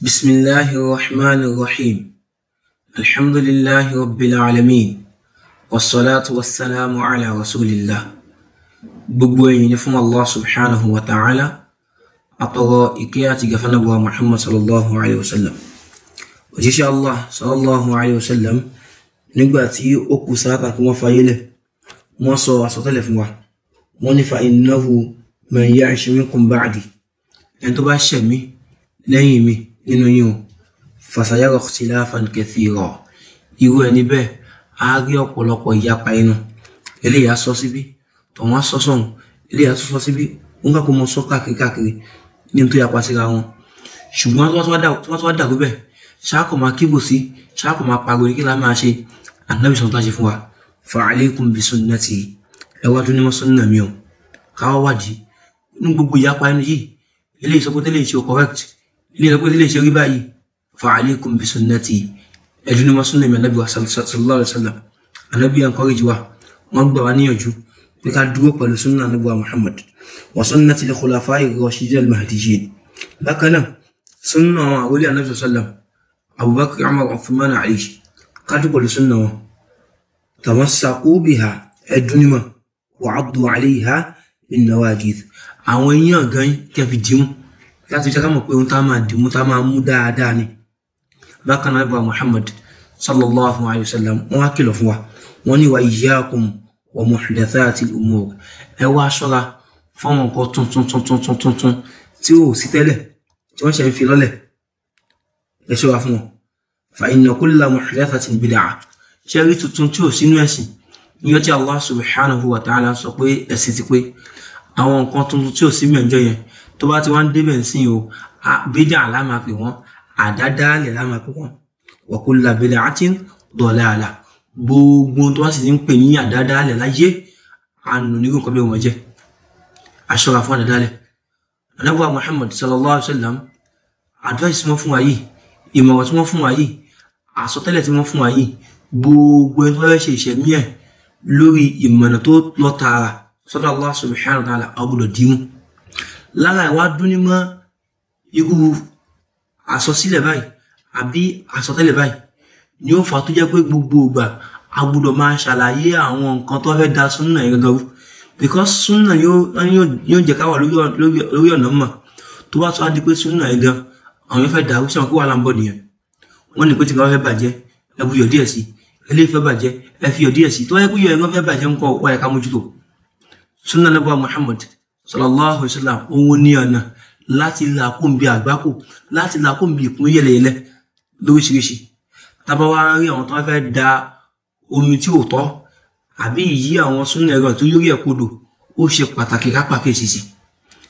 بسم الله الرحمن الرحيم الحمد لله رب العالمين والصلاة والسلام على رسول الله gbogbo ẹ̀yìn ni fún allah subhanahu wa ta'ala àtọrọ ìkẹ́ àti gafana wa muhammad sallallahu alayhi wa sallam òjíṣẹ́ allah sallallahu alayhi wa sallam nígbà tí ó kù sáátà kí wọ́n fayé lẹ̀ wọ́n sọ àsọtẹ́lẹ̀ fún wa wọ́n ní fa innahu man ya'ish minkum ba'di ẹni tó bá ṣẹ̀mí lẹ́yìn mi nínú yín o fàṣàyàrọ ṣìláfàn kẹfìrọ irú ẹni bẹ́ẹ̀ á rí ọ̀pọ̀lọpọ̀ ìyapa inú eléyìí á sọ síbí tọ̀hún á sọ sọ̀hún eléyìí á sọ síbí wọn kà kó mọ sọ káàkiri káàkiri ní tó yapa síra wọn ṣùgbọ́n tí wọ́n tó wá dàrú bẹ́ẹ̀ ṣáàkó máa kíbò sí ṣáàkó máa pariwo kí la máa ṣe ànábì sọ̀tún láṣẹ fún wa fa alaykum bi sunnati ẹ wá tún ní mọ́ sunna mi o káwá wádìí ní gbogbo ìyapa inú yìí eléyìí sọ pé tẹ́lẹ̀ ṣe correct ilé ìsọpọ̀ ilé ìṣe rí báyìí fa alaykum bi sunnati ẹdínú mọ́ súnlẹ̀ mi anábì wa sallallahu alayhi wa sallam anábì à ń kọ́rí jù wa wọ́n gbà wá níyànjú pé ká dúró pẹ̀lú súnlẹ̀ anábì wa muhammad wa sunnati lil khulafa'i rashidin al mahdiyyin bákan náà súnlẹ̀ àwọn àwòlé anábì sallam abubakar umar uthman ali ká dúró pẹ̀lú súnlẹ̀ wọn tamassaku biha ẹdínú mọ́ wa addu alayha bin nawajid àwọn yíyàn gan kẹfì dìímù láti jẹ́ ká mọ̀ pé ohun tá a máa dìmú tá a máa mú dáadáa ni bákan náà ibùdó Muhammad sallallahu alayhi wa sallam wọ́n á kìlọ̀ fún wa wọ́n ní wa iyyakum wa muhdathati al-umur ẹ wá ṣọ́ra fọ́ọ̀mù nǹkan tuntun tuntun tuntun tuntun tí ò sí tẹ́lẹ̀ tí wọ́n ṣe ń fi lọ́lẹ̀ ẹ ṣọ́ra fún wọn fa inna kulla muhdathatin bid'ah ṣe rí tuntun tí ò sínú ẹ̀sìn ní ọjọ́ Allah subhanahu wa ta'ala sọ pé ẹ̀sìn ti pé àwọn nǹkan tuntun tí ò sí mẹ́jọ yẹn tó bá ti wá ń débẹ̀ ń sìn o bídà láma pè wọ́n àdádálẹ̀ láma pè wọ́n wa kullu bid'atin dalala gbogbo tó bá sì ti ń pè ní àdádálẹ̀ láyé àánú nígbà kan bí wọ́n jẹ́ aṣọra fún àdádálẹ̀ anábọ̀ Muhammad sallallahu alayhi wa sallam advice wọn fún wa yìí ìmọ̀ràn tí wọ́n fún wa yìí àsọtẹ́lẹ̀ tí wọ́n fún wa yìí gbogbo ẹni tó fẹ́ ṣe ìṣẹ̀mí ẹ̀ lórí ìmọ̀nà tó lọ tààrà sọ́dọ̀ Allah subhanahu wa ta'ala ọgbọ́dọ̀ dìímù lára ìwà dúní mọ́ irú àsọsílẹ̀ báyìí àbí àsọtẹ́lẹ̀ báyìí ni ó fà tó jẹ́ pé gbogbo ìgbà a gbọ́dọ̀ máa ṣàlàyé àwọn nǹkan tó fẹ́ da súnà yẹn gangan because súnà yóò jẹ́ ká wà lórí ọ̀nà mọ̀ tó bá tó á di pé súnà yẹn gan àwọn yẹn fẹ́ da arúgbó sẹ́wọ̀n kó wà láǹbọ̀ nìyẹn wọ́n ní pé tí wọ́n fẹ́ bàjẹ́ ẹ bu yọ̀ díẹ̀ sí eléyìí fẹ́ bàjẹ́ ẹ fi yọ̀ díẹ̀ sí tó yẹ kó yọ̀ ẹ̀ wọ́n fẹ́ bàjẹ́ ńkọ́ wọ́n yẹ ká mójútó súnà lẹ́bọ̀ Muhammad sallallahu alaihi wasallam òun ní ọ̀nà láti là kóńbi àgbákò láti là kóńbi ìkún yẹlẹyẹlẹ lóríṣiríṣi tábà wá rí àwọn tó fẹ́ da omi tí ò tọ́ àbí ìyí àwọn súnà ẹ̀rọ tó yórí ẹ̀ kodò ó ṣe pàtàkì kápákèsì sí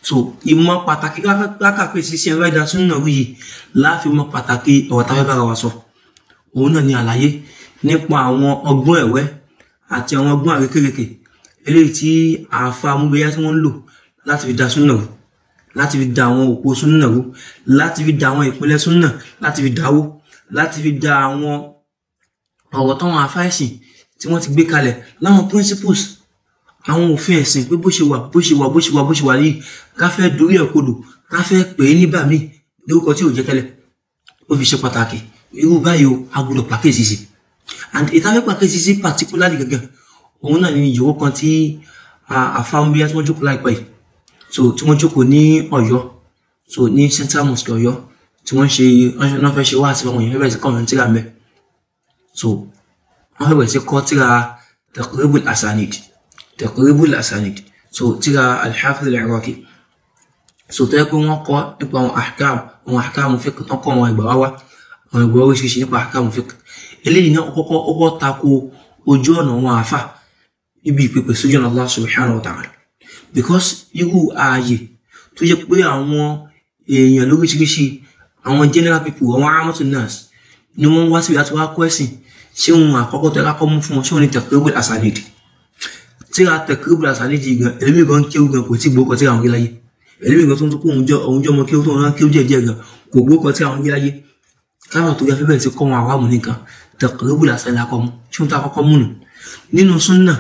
so ìmọ̀ pàtàkì kápákèsì sí ẹ̀rọ ìdá súnà rí yìí láfi mọ̀ pàtàkì ọ̀rọ̀ táwọn bára wa sọ òun náà ni àlàyé nípa àwọn ọgbọ́n ẹ̀wẹ́ àti àwọn ọgbọ́n àrékérekè eléyìí tí àáfàá amúgbéyá tí wọ́n ń lò láti fi da súnà wò láti fi da àwọn òpó súnà wò láti fi da àwọn ìpínlẹ̀ súnà láti fi dáwó láti fi da àwọn ọ̀rọ̀ táwọn afáìsìn tí wọ́n ti gbé kalẹ̀ láwọn principles àwọn òfin ẹ̀sìn pé bó ṣe wà bó ṣe wà bó ṣe wà bó ṣe wà yìí ká fẹ́ dorí ẹ̀ kodò ká fẹ́ pè é nígbà míì lórúkọ tí ò jẹ́ tẹ́lẹ̀ ó fi ṣe pàtàkì irú báyìí o a gbọ́dọ̀ pàkíyèsí sí and ìtafẹ́ pàkíyèsí sí particularly gẹ́gẹ́ òun náà ni ìyòwò kan tí àfáwọn bí wọ́n jókòó láìpẹ́ yìí so tí wọ́n jókòó ní Ọ̀yọ́ so ní central mosque Ọ̀yọ́ tí wọ́n ṣe wọ́n fẹ́ ṣe wá àti àwọn èèyàn sí kọ́ tíra mẹ́ so wọ́n fẹ́ sí kọ́ tíra taqribul asanid taqribul asanid so tíra al-Hafiz so tó pé wọ́n kọ́ nípa àwọn ahkam àwọn ahkam fiqh tán kọ́ àwọn ìgbà wá àwọn ìgbà oríṣiríṣi nípa ahkam fiqh eléyìí náà kọ́kọ́ ó tako ojú ọ̀nà àwọn àáfà níbi ìpèpè sójú ọ̀nà Allah subhanahu wa ta'ala because irú ààyè tó yẹ pé àwọn èèyàn lóríṣiríṣi àwọn general people àwọn aramọ́tò nurse ni wọ́n wá síbi láti wá kọ́ ẹ̀sìn ṣé òun àkọ́kọ́ tó yẹ kọ́ mú fún wọn ṣé òun ní tẹ̀kúrẹ́bù àsàlẹ̀dì tí a tẹ̀kúrẹ́bù àsàlẹ̀dì gan ẹlẹ́mìí gan kéwù gan kò tí gbókọ̀ tí àwọn gíláyé ẹlẹ́mìí gan tó ń tó kó òun jọ ọmọ kéwù tó ń rán kéwù jẹ́jẹ́ gan kò gbókọ̀ tí àwọn gíláyé káwọn tó yẹ fẹ́ bẹ̀rẹ̀ sí kọ́ wọn àwọn àmúnìkan tẹ̀kúrẹ́bù àsàlẹ̀ akọ́mú ṣé òun tó akọ́kọ́ múnù nínú súnà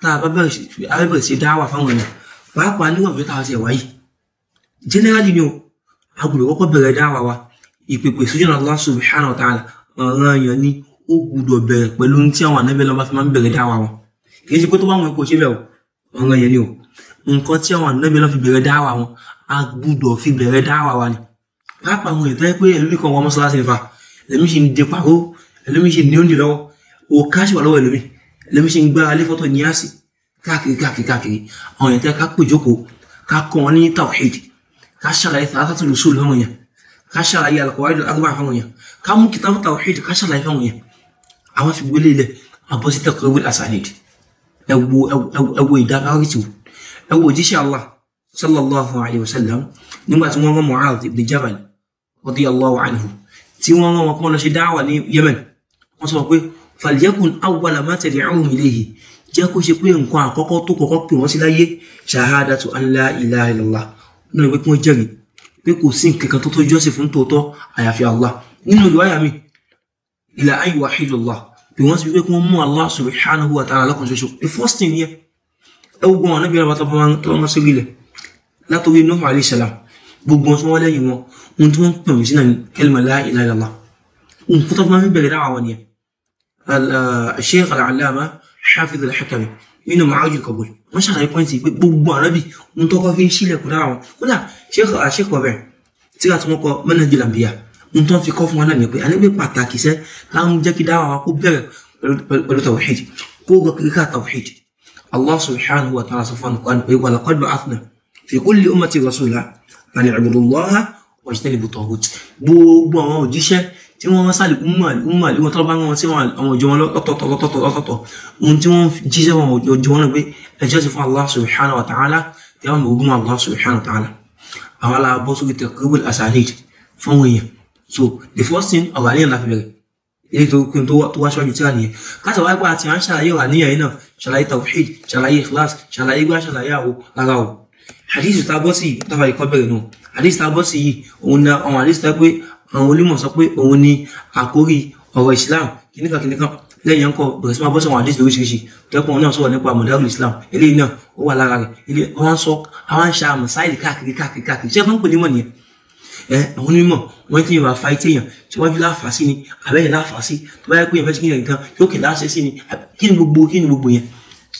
tá a bá bẹ̀rẹ̀ sí dáwà fáwọn èèyàn pàápàá níwọ̀n tó táwọn ṣe wáyé generally ni o a gbọ́dọ̀ kọ́kọ́ bẹ̀rẹ̀ dáwà wa ìpèpè sójú ọ̀nà Allah subhanahu wa ta'ala ọ̀ràn èèyàn ni ó gbọ́dọ̀ bẹ̀rẹ̀ pẹ̀lú tí àwọn ànábẹ́ lọ́ba fi máa ń bẹ̀rẹ̀ dáwà wọn kì í ṣe pé tó bá wọn kò ṣe bẹ̀ o ọ̀ràn èèyàn ni o nǹkan tí àwọn ànábẹ́ lọ́ fi bẹ̀rẹ̀ dáwà wọn a gbọ́dọ̀ fi bẹ̀rẹ̀ dáwà wa ni pàápàá àwọn èèyàn tó yẹ pé ẹlòmí kan wọn mọ́ṣáláṣí nípa ẹlòmí ṣe ń de pàró ẹlòmí ṣe ní oúnjẹ lọ́wọ́ òkà ṣe lọ́wọ́ ẹlòmí lẹ́mi ṣe ń gbára lé fọ́tò ní àsì káàkiri káàkiri káàkiri àwọn èèyàn tẹ́ ká pè jókòó ká kọ́ wọn ní tawhid ká ṣàlàyé tààtàtù lùsùl fáwọn èèyàn ká ṣàlàyé alqawaidul arba'a fáwọn èèyàn ká mú kitabu tawhid ká ṣàlàyé fáwọn èèyàn àwọn fi gbélé ilẹ̀ àbọ̀sí taqribul asanid ẹwọ ẹwọ ìdáráwìtì ẹwọ òjíṣẹ́ Allah sallallahu alayhi wa sallam nígbà tí wọ́n rán Mu'adh ibn Jabal radiyallahu anhu tí wọ́n rán wọn kọ́ lọ ṣe dáwà ní Yemen wọ́n sọ pé fàlìyẹ́kùn awwala ma tad'uhum ilayhi jẹ́ kó ṣe pé nǹkan àkọ́kọ́ tó kọ́kọ́ pè wọ́n sí láyé shahadatu an la ilaha illallah náà wípé wọ́n jẹ́rìí pé kò sí nǹkan kan tó tó jọ́sìn fún tòótọ́ àyàfi Allah nínú ìwáyà mi ila an yuwahhidullah pé wọ́n sì wípé kí wọ́n mú Allah subhanahu wa ta'ala lọ́kàn the first thing yẹ ẹ gbogbo wọn níbi tó wọn sí rílẹ̀ látọ̀rí Nuhu alayhi salam gbogbo wọn tó lẹ́yìn wọn ohun tí wọ́n pè wọ́n sí náà kalima la ilaha illallah nǹkan tó fún wọn bẹ̀rẹ̀ dáhà wọn nìyẹn آه، الشيخ العلامة حافظ الحكمي من معاوج القبول ما شاء الله يكون سي بوبا نبي نتوقع في شيء لك راو ولا نعم. شيخ الشيخ وبيع تيجي تسمعك من هذه الأنبياء نتوقع في كوف مالنا يبي أنا بيبقى تاكي سه كان جاكي دعوة كوبا بلو توحيد كوبا كيكا توحيد الله سبحانه وتعالى سبحانه قال ولقد بعثنا في كل أمة رسولا أن يعبدوا الله واجتنبوا الطاغوت بوبا جيشه tí wọ́n sáré umar ìwọ̀n tọ́lọ́pàá wọn tí wọ́n àwọn òjò wọn lọ́tọ̀tọ̀tọ̀tọ̀tọ̀ ohun tí wọ́n jíṣẹ́ wọn òjò wọn pé ẹjọ́ ti fún Allah subhanahu wa ta'ala tí wọ́n ogun Allah subhanahu wa ta'ala àwọn alábọ́ sókè tẹ kúrúbùl asanid fún wọn yẹn so the first thing ọ̀rọ̀ àníyàn láfi bẹ̀rẹ̀ ilé tó kún tó wá ṣáájú tí wà nìyẹn káṣà wáyé pé àti à ń ṣàlàyé ọ̀rọ̀ àníyàn yìí náà ṣàlàyé tawhid ṣàlàyé ikhlas ṣàlàyé gbá ṣàlàyé àwo rárá o hadith tá a bọ́ sí yìí bẹ̀rẹ̀ náà hadith tá yìí òun náà àwọn hadith tá àwọn olùmọ̀ sọ pé òun ni àkórí ọ̀rọ̀ islam kìnnìkan kìnnìkan lẹ́yìn ọkọ̀ bẹ̀rẹ̀ sí máa bọ́ sọ̀rọ̀ àdéhùn oríṣiríṣi tẹ́kùn náà sọ̀rọ̀ nípa mọ̀dáwù islam eléyìí náà ó wà lára rẹ̀ ilé wọn sọ àwọn àṣà mọ̀sáìlì káàkiri káàkiri káàkiri ṣé fún pè nímọ̀ nìyẹn ẹ àwọn onímọ̀ wọ́n ti yìnbọn fa itéèyàn tí wọ́n fi láàfà sí ni àbẹ́yìn láàfà sí tó bá yẹ pé yẹn fẹ́ sí yẹn nǹkan yóò kì láṣẹ sí ni kí ni gbogbo kí ni gbogbo yẹn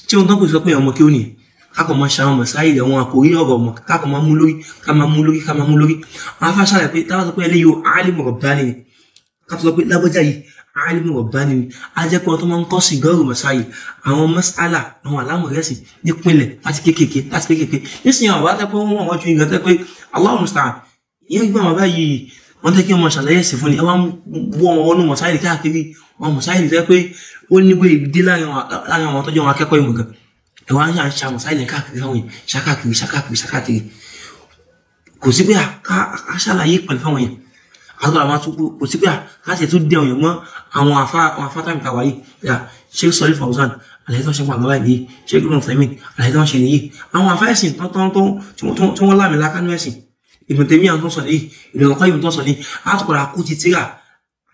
tí wọ́n tán kò sọ pé ọmọ kí ó nìyẹn kákọ̀ mọ́ ṣe àwọn mọ̀sáyì rẹ̀ wọn àkórí ọ̀rọ̀ mọ̀ kákọ̀ mọ́ mú lórí ká máa mú lórí ká máa mú lórí àwọn afáṣà rẹ̀ pé táwọn sọ pé eléyìí o alimu rabbani ni ká sọ pé lágbájá yìí alimu rabbani ni ajẹ́pọ̀ tó máa ń kọ́ sí gọ́ọ̀rù mọ̀sáyì àwọn mọ́sálà àwọn alámọ̀rẹ́sì nípìnlẹ̀ láti kékèké láti kékèké nísìnyí àwọn àtẹ́pọ̀ wọn wọ́n ju ìgbà tẹ́ pé Allahu musta'an yẹn gbọ́n bàbá yìí wọ́n tẹ́ kí wọ́n ṣàlàyé ẹ̀sìn fún ni wọ́n wọ́n wọnú mọ̀sáyì káàkiri wọn mọ̀sáyì tẹ́ pé ó nígbè dé láàrin àwọn àtọ́jọ́ wọn akẹ́kọ̀ọ́ ìmọ̀ gan ẹ wá ń yà ń ṣe àwọn sáìlẹ̀ káàkiri fáwọn yẹn ṣàkàkiri ṣàkàkiri ṣàkàkiri kò sí pé a ṣàlàyé pẹ̀lú fáwọn yẹn àtúntò àwọn àtúntò kò sí pé a ṣe tún dẹ àwọn mọ́ àwọn afá àwọn yìí yà ṣé sọlí fàwùsàn àlàyé ṣe fún àgbàlá yìí ṣé gbọ́dọ̀ fẹ́mi àlàyé ṣe nìyí àwọn afá ẹ̀sìn tí wọ́n lámìlá kánú ẹ̀sìn ìmọ̀tẹ́mí àwọn tó sọ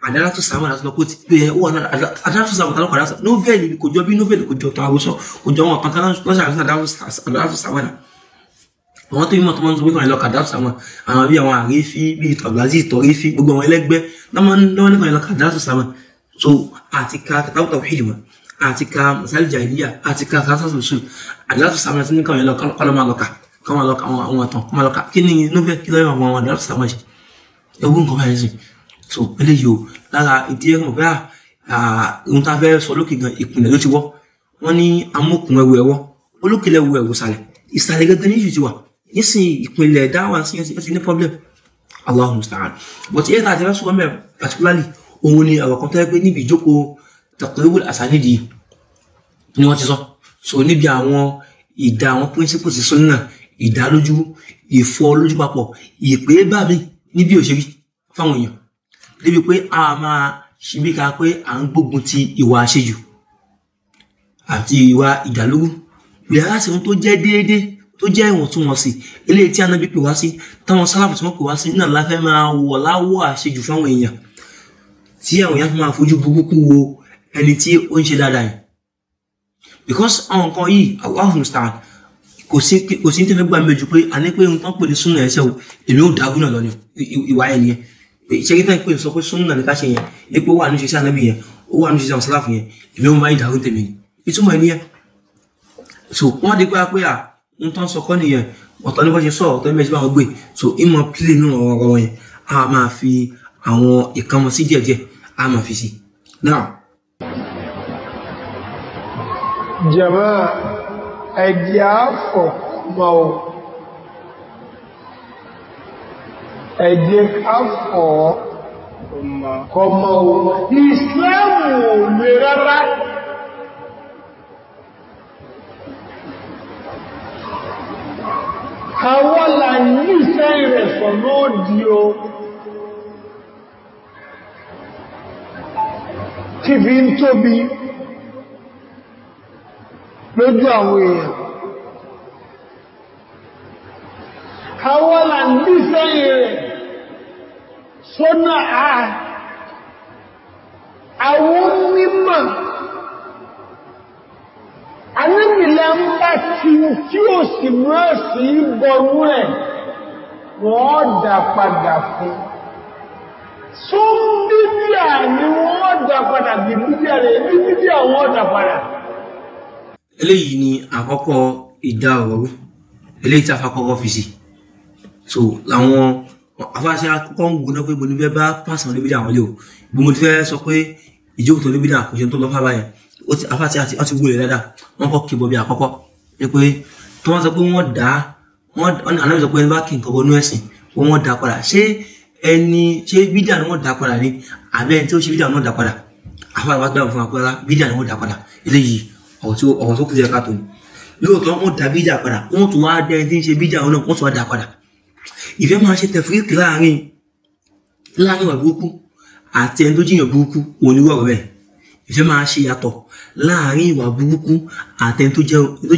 àdáratú sàmù àti lọkọ ti pé ẹ ó wà náà àdáratú sàmù àtàlọkọ àdáratú nọfẹlì kò jọ bí nọfẹlì kò jọ tó àwòsàn kò jọ wọn kankan lọsẹ àti àdáratú sàmù àná àwọn tó yín mọ tó máa ń sọ pé kàn lọ kàdáàtú sàmù àwọn bí àwọn àrífí bí tọgbàzí tọrífí gbogbo àwọn ẹlẹgbẹ́ lọmọ ní kàn lọ kàdáàtú sàmù so àti ka kàtàkùn tàwọn fìdí wọn àti ka masali jahiliya àti ka kàtàkùn sùn àdáratú sàmù àti ní kàn lọ kọlọ máa lọ kà kọ máa lọ kà àwọn àtàn kọ máa lọ kà kí ni nọfẹ kí lọ yẹ àwọn àdáratú sàmù ẹ so eléyìí o lára ìdí ẹ̀rọ bá ohun tá a fẹ́ sọ lókè gan ìpìlẹ̀ ló ti wọ́ wọ́n ní amókùn ẹrù ẹ̀wọ́ olókè lẹ́wù ẹ̀wù sàlẹ̀ ìsàlẹ̀ gẹ́gẹ́ ní ìṣù wa wà nísìnyí ìpìlẹ̀ dáwà sí ẹ̀sìn ní problem Allahu musta'an but ẹ̀rọ àti ẹ̀rọ sọ̀rọ̀ mẹ́rin particularly òun ni àwọn kan tẹ́lẹ̀ pé níbi ìjókòó taqribul asanidi ni wọ́n ti sọ so níbi àwọn ìdá àwọn principles sunnah ìdálójú ìfọ́ lójú papọ̀ ìpè bá mi níbi òṣèré fáwọn èèyàn débi pé a máa ṣíbí ka pé à ń gbógun ti ìwà àṣejù àti ìwà ìdàlúrú wíwá sí ohun tó jẹ́ déédéé tó jẹ́ ìwọ̀ntúnwọ̀nsì eléyìí tí anábì pè wá sí táwọn sálábù tí wọ́n pè wá sí náà láfẹ́ máa wọ̀ láwọ̀ àṣejù fáwọn èèyàn tí àwọn èèyàn fi máa fojú burúkú wo ẹni tí ó ń ṣe dáadáa yìí because àwọn nǹkan yìí Allahu musta'an kò sí kò sí ní tẹ́fẹ́ gbà méjì pé àní pé ohun tán pè ní súnà ẹ̀ṣẹ̀ o èmi ò dágúnà lọ ni ìwà ẹ̀ nìyẹn ṣe kí táyìpé sọ pé súnmọ́ ní ká ṣe yẹn ní pé ó wà ní ṣe sí ànábì yẹn ó wà ní ṣe sí àwọn sláfù yẹn èmi ó máa ń dàrú tèmi ni ìtumọ̀ ẹ̀ nìyẹn so wọ́n di pé a pé à ń tán sọ kọ́ nìyẹn ọ̀tọ̀ ní bó ṣe sọ ọ̀tọ̀ ní bẹ́ẹ̀ ṣe bá wọn gbé so ìmọ̀ pílẹ̀ nínú ọ̀rọ̀ wọn yẹn a máa fi àwọn ìkànnì sí díẹ̀díẹ̀ a máa fi sí now. jama ẹ̀jẹ̀ àfọ̀ máa ẹ jẹ́ ká fọ́ kọmọ ohun ìsìláàmù ò lè rárá àwọ́là nífẹ́ rẹ̀ sọ̀nà òdí o kí ń tóbi lójú àwọn èèyàn àwọn mímọ̀ anábìlá ń bá ti tí ó sì mọ́ sí bọnú ẹ̀ wọ́n dà padà fún tó ń bíbíà ni wọ́n dà padà bí bíbíà rẹ̀ bí bíbíà wọ́n dà eléyìí ni àkọ́kọ́ ìdá ọ̀rọ̀ eléyìí tí a fa kọ́kọ́ fi sí so làwọn afáṣẹ akọ́kọ́ ń gbóná pé mo ní fẹ́ bá pàṣẹ àwọn oníbídà àwọn o bí mo ti fẹ́ sọ pé ìjókòó tó oníbídà kò ṣe tó lọ fábà yẹn afáṣẹ àti ọtí wúlò dáadáa wọn kọ́ kí bọ̀bí àkọ́kọ́ pé tí wọ́n sọ pé wọ́n dá wọ́n àná sọ pé ẹni bá kí nǹkan bọ́nú ẹ̀sìn wọ́n dá padà ṣé ẹni ṣé bídà ni wọ́n dá padà ni àbẹ́ tí ó ṣe bídà ni wọ́n dá padà afáàbá gbà fún akọ́lá bídà ni wọ́n dá padà eléyìí ọ̀rọ̀ lóòótọ́ wọ́n dá bídà padà wọ́n tún wá dá ẹni tí ń ṣe bídà wọn náà wọ́n tún wá dá padà ìfẹ́ máa ṣe tẹ̀fúrìkì láàrin láàrin ìwà burúkú àti ẹni tó jiyàn burúkú oníwọ̀ rẹ̀ ìfẹ́ máa ṣe yàtọ̀ láàrin ìwà burúkú àti ẹni tó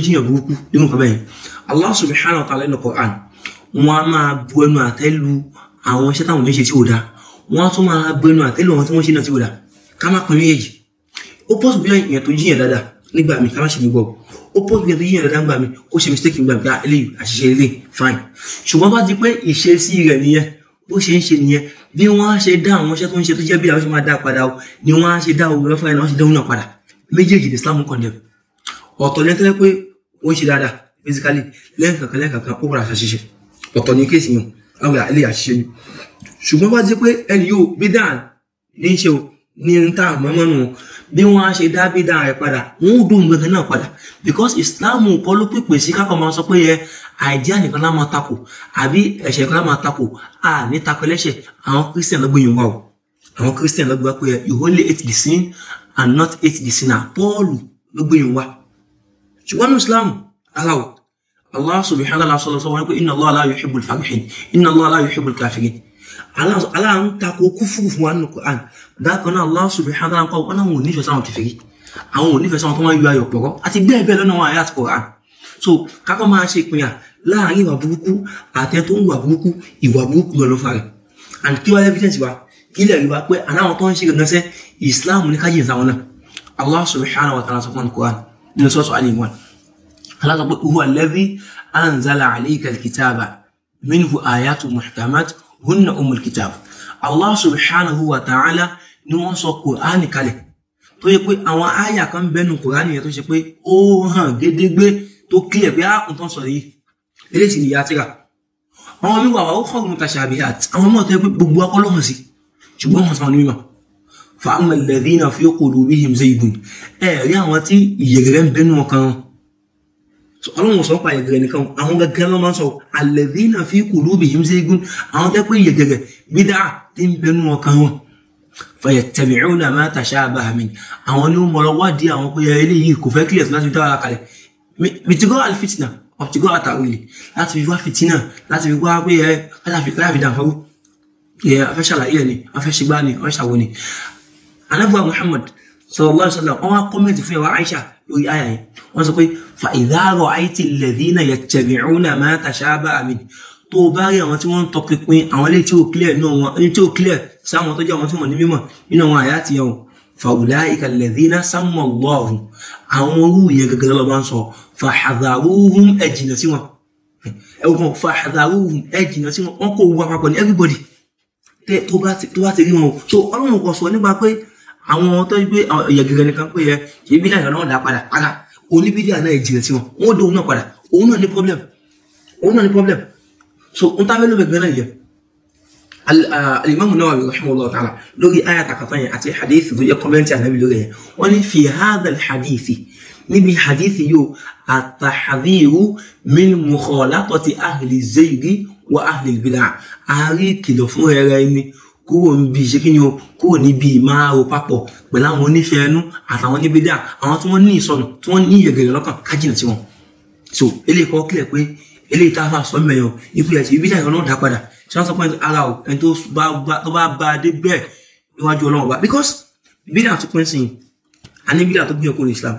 jiyàn burúkú nínú nǹkan bẹ́ẹ̀ Allah subhanahu wa ta'ala nínú Quran wọn a máa bu ẹnu àtẹ́ lu àwọn iṣẹ́ táwọn méjì tí ò dáa wọn a tún máa bu ẹnu àtẹ́ lu àwọn tí wọ́n ṣe náà tí ò dáa ká má pin méjèèjì ó pọ̀ sí bí èèyàn tó jiyàn dáadáa nígbà mi ká má ṣe mi gbọ́ ó pọ̀ bí ẹbí yíyan dáadáa ń gbà mí ó ṣe mistake ń gbà mí dáa ah, eléyìí àṣìṣe eléyìí fine ṣùgbọ́n bá ti pé ìṣesí rẹ̀ nìyẹn bó ṣe ń ṣe nìyẹn bí wọ́n á ṣe dá àwọn iṣẹ́ tó ń ṣe tó jẹ́ bí àwọn ṣe máa dá padà o ni wọ́n á ṣe dá owó rẹ́fọ́ yẹn ni wọ́n ṣe dá òun padà méjèèjì ní Islam condemn ọ̀tọ̀ ni tẹ́lẹ̀ pé ó ń ṣe dáadáa basically lẹ́ẹ̀kankan lẹ́ẹ̀kankan ó padà ṣàṣìṣe ọ̀tọ̀ ni kéèsì yẹn àwọn ilé ah, àṣìṣe ni ṣùgbọ́n bá ti pé ẹni yóò bí dáhàn ní í ṣe o ní n tá àmọ́mọ́ nù bí wọ́n á ṣe dábídá rẹ̀ padà wọ́n ó dùn gbẹ̀gẹ̀ náà padà because islam kọ́ ló pèpè sí kákọ́ máa sọ pé yẹ àìdíà nìkan lá máa takò àbí ẹ̀ṣẹ̀ nìkan lá máa takò à ní takò ẹlẹ́ṣẹ̀ àwọn christian ló gbìyànjú wa o àwọn christian ló gbìyànjú wa pé you only hate the sin and not hate the sinner paul ló gbìyànjú wa ṣùgbọ́n ní islam aláwọ̀ allah subhanahu wa ta'ala sọ̀rọ̀ sọ̀rọ̀ inna allah la yuhibbul farihin inna allah la yuhibbul kafirin ala ń takò kúfùrù fún wa nínú Quran bákan náà Allah subhanahu wa ta'ala kọ́ wọn àwọn onífẹ̀ẹ́ sáwọn kèfèrí àwọn onífẹ̀ẹ́ sáwọn tó máa ń yọ ayọ̀ pọ̀rọ̀ àti bẹ́ẹ̀ bẹ́ẹ̀ lọ́nà wọn àyà Quran so kákọ́ máa ṣe ìpínyà láàrin ìwà burúkú àtẹ tó ń wà burúkú ìwà burúkú lọ ló fa rẹ̀ and kí wá evidence wa kí lè rí wa pé aláwọn tó ń ṣe gangan sẹ́ Islam ní káyé ìsáwọn náà Allah subhanahu wa ta'ala sọ fún Quran nínú sọ́ọ̀tún alẹ́ ìwọ̀n aláṣọ pé huwa alladhi anzala alayka alkitaba minhu ayatu muhkamat hunna umul kitab allah subhanahu wa ta'ala ni wọ́n sọ kùránì kalẹ̀ tó yẹ pé àwọn àyà kan bẹnu kùránì yẹn tó ṣe pé ó hàn gédégbé tó kílẹ̀ pé áàkùn tán sọ yìí eléyìí sì nìyá tíra àwọn mi wà wà ó kọ̀ọ̀rùn mutashabihat àwọn mọ̀ tó yẹ pé gbogbo akọ́lọ́ hàn sí ṣùgbọ́n wọn sàn ní mímọ̀ fa amma alladhina fi qulubihim zaybun ẹ̀ẹ́rí àwọn tí ìyẹ̀rẹ̀ ń bẹnu ọkàn wọn ọlọ́run sọ pa ẹ̀gẹ̀rẹ̀ nìkan àwọn gẹ́gẹ́ ló máa ń sọ alladhina fi qulubihim zaygun àwọn tẹ́ pé yẹ̀gẹ̀rẹ̀ bídà tí ń bẹnu ọkàn wọn fayattabi'una ma tashabaha min àwọn ni ó mọ̀ lọ́wọ́dì àwọn pé eléyìí kò fẹ́ kílẹ̀ láti dá ara kalẹ̀ mitigo alfitna optigo atawili láti fi wá fitina láti fi wá pé eh, eh, ẹ sallallahu alaihi wasallam wọ́n wá kọ́mẹ̀ntì fún ìwà Aisha lórí àyà yẹn wọ́n sọ pé fa idha ra'ayti alladhina yattabi'una ma tashabaha min tó o bá rí àwọn tí wọ́n ń tọpinpin àwọn ilé tí ó clear náà wọn ilé tí ó clear sáwọn tó jẹ́ àwọn tí wọ́n ní mímọ̀ nínú àwọn àyà ti yẹn o fa ulaika àwọn orú gẹ́gẹ́ lọ́ba ń sọ fa ẹ everybody tó bá ti rí wọn o so ọlọ́run àwọn tó ń gbé ìyàgẹ̀gẹ̀ nìkan pé yẹ ṣe bídíà nìkan náà dá padà ara oníbídíà náà jìnnà sí wọn wọn dé òun náà padà òun náà ní problem òun náà ní problem so n tábẹ́ ló bẹ̀ gan náà yẹ alimami Nawawi rahimahullah ta'ala lórí aya takatan yẹn àti hadith tó yẹ kọ́mẹ́ntì ànábi lórí yẹn wọ́n ní fi hadal hadithi níbi hadithi yóò àtàhàdìrú min mukhalatati ahli zayri wa ahli bid'ah àárí kìlọ̀ fún ẹ̀rẹ́ ni kúrò níbi ìṣe kí ni o kúrò níbi ìmáa ro papọ̀ pẹ̀lú àwọn onífẹ̀ẹ́ ẹnu àtàwọn oníbídà àwọn tí wọ́n ní ìsọnù tí wọ́n ní ìyẹ̀gẹ̀rẹ̀ lọ́kàn ká jìnnà sí wọn. so eléyìí kọ́ kílẹ̀ pé eléyìí tá a fà sọ mẹ́yọ ipò ẹ̀sìn ibi táyà náà dá padà ṣé wọ́n sọ pé ara o ẹni tó bá bá ba dé bẹ́ẹ̀ níwájú ọlọ́run wa because bídà tó pín sí àní bídà tó gbìyànjú ní Islam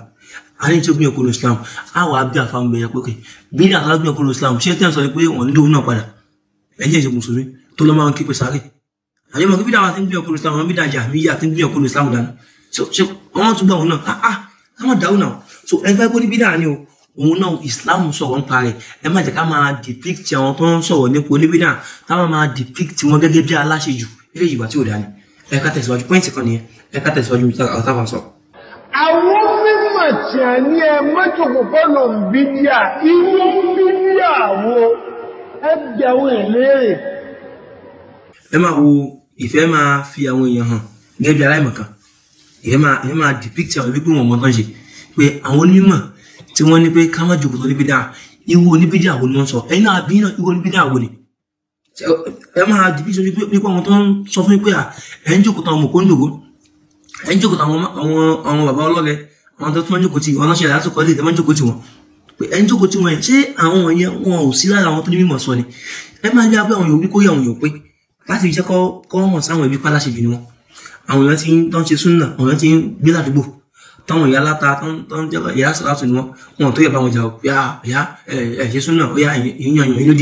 àní tó gbìyànjú ní Islam á wà á bí àfàmù bẹ̀yẹn pé bídà tó gbìyànjú ní Islam ṣé tẹ́ ń sọ pé wọ́n ń dóhùn náà padà ẹ̀jẹ̀ ìṣègùn sórí tó lọ́ máa ń kí pé sáré àwọn ọmọ bídà wa ti ń gbé ọkùnrin islam àwọn bídà jahmiya ti ń gbé ọkùnrin islam dání so ṣe wọn tún gbà wọn náà ah ah káwọn dáhùn náà so ẹgbẹ́ kó ní bídà o òun náà islam sọ̀rọ̀ nípa rẹ̀ ẹ má jẹ́ ká máa depict àwọn tó ń sọ̀rọ̀ nípa oníbídà táwọn máa depict wọn gẹ́gẹ́ bí aláṣejù ilé ìwà tí ò dání ẹ ká tẹ̀síwájú pọ́ìntì kan nìyẹn ẹ ká tẹ̀síwájú ọ̀táfà sọ. àwọn mímọ̀ tí a ní ẹ mọ́jọ̀kọ̀ fọ́nà bídíà irú bídíà wo ẹ bí ẹ máa wo ìfẹ́ máa fi àwọn èèyàn hàn gẹ́gẹ́ bí aláìmọ̀kan ìfẹ́ máa ìfẹ́ máa depict àwọn wípé wọn mọ̀ tán ṣe pé àwọn onímọ̀ tí wọ́n ní pé ká má jòkó tó níbi dáa irú oníbídà wo ni wọ́n sọ ẹ̀yin náà bí náà irú oníbídà wo ni ẹ máa dìbí sọ pé nípa àwọn tó ń sọ fún pé ẹ ń jòkó táwọn mọ̀kó ń jòkó ẹ ń jòkó táwọn àwọn bàbá ọlọ́rẹ àwọn tó tún jòkó tí ọ̀nà ṣẹlẹ̀ láti kọ́ lè tẹ́ máa jòkó tí wọn pé ẹ ń jòkó tí wọn ṣé àwọn yẹn wọn ò sí lára àwọn tó ní mímọ̀ sọ ni ẹ máa yá pé àwọn yòókù kó yẹ àwọn láti jẹ́ kọ́ sáwọn ẹbí pa láṣejù ni wọn àwọn èèyàn ti ń tán ṣe súnà àwọn èèyàn ti ń gbé ládùúgbò táwọn ìyá láta tán jẹ́ ìyá sàlátù ni wọn wọn tó yẹ bá jà ah, ya ya ẹ ṣe ó yá èèyàn yàn inú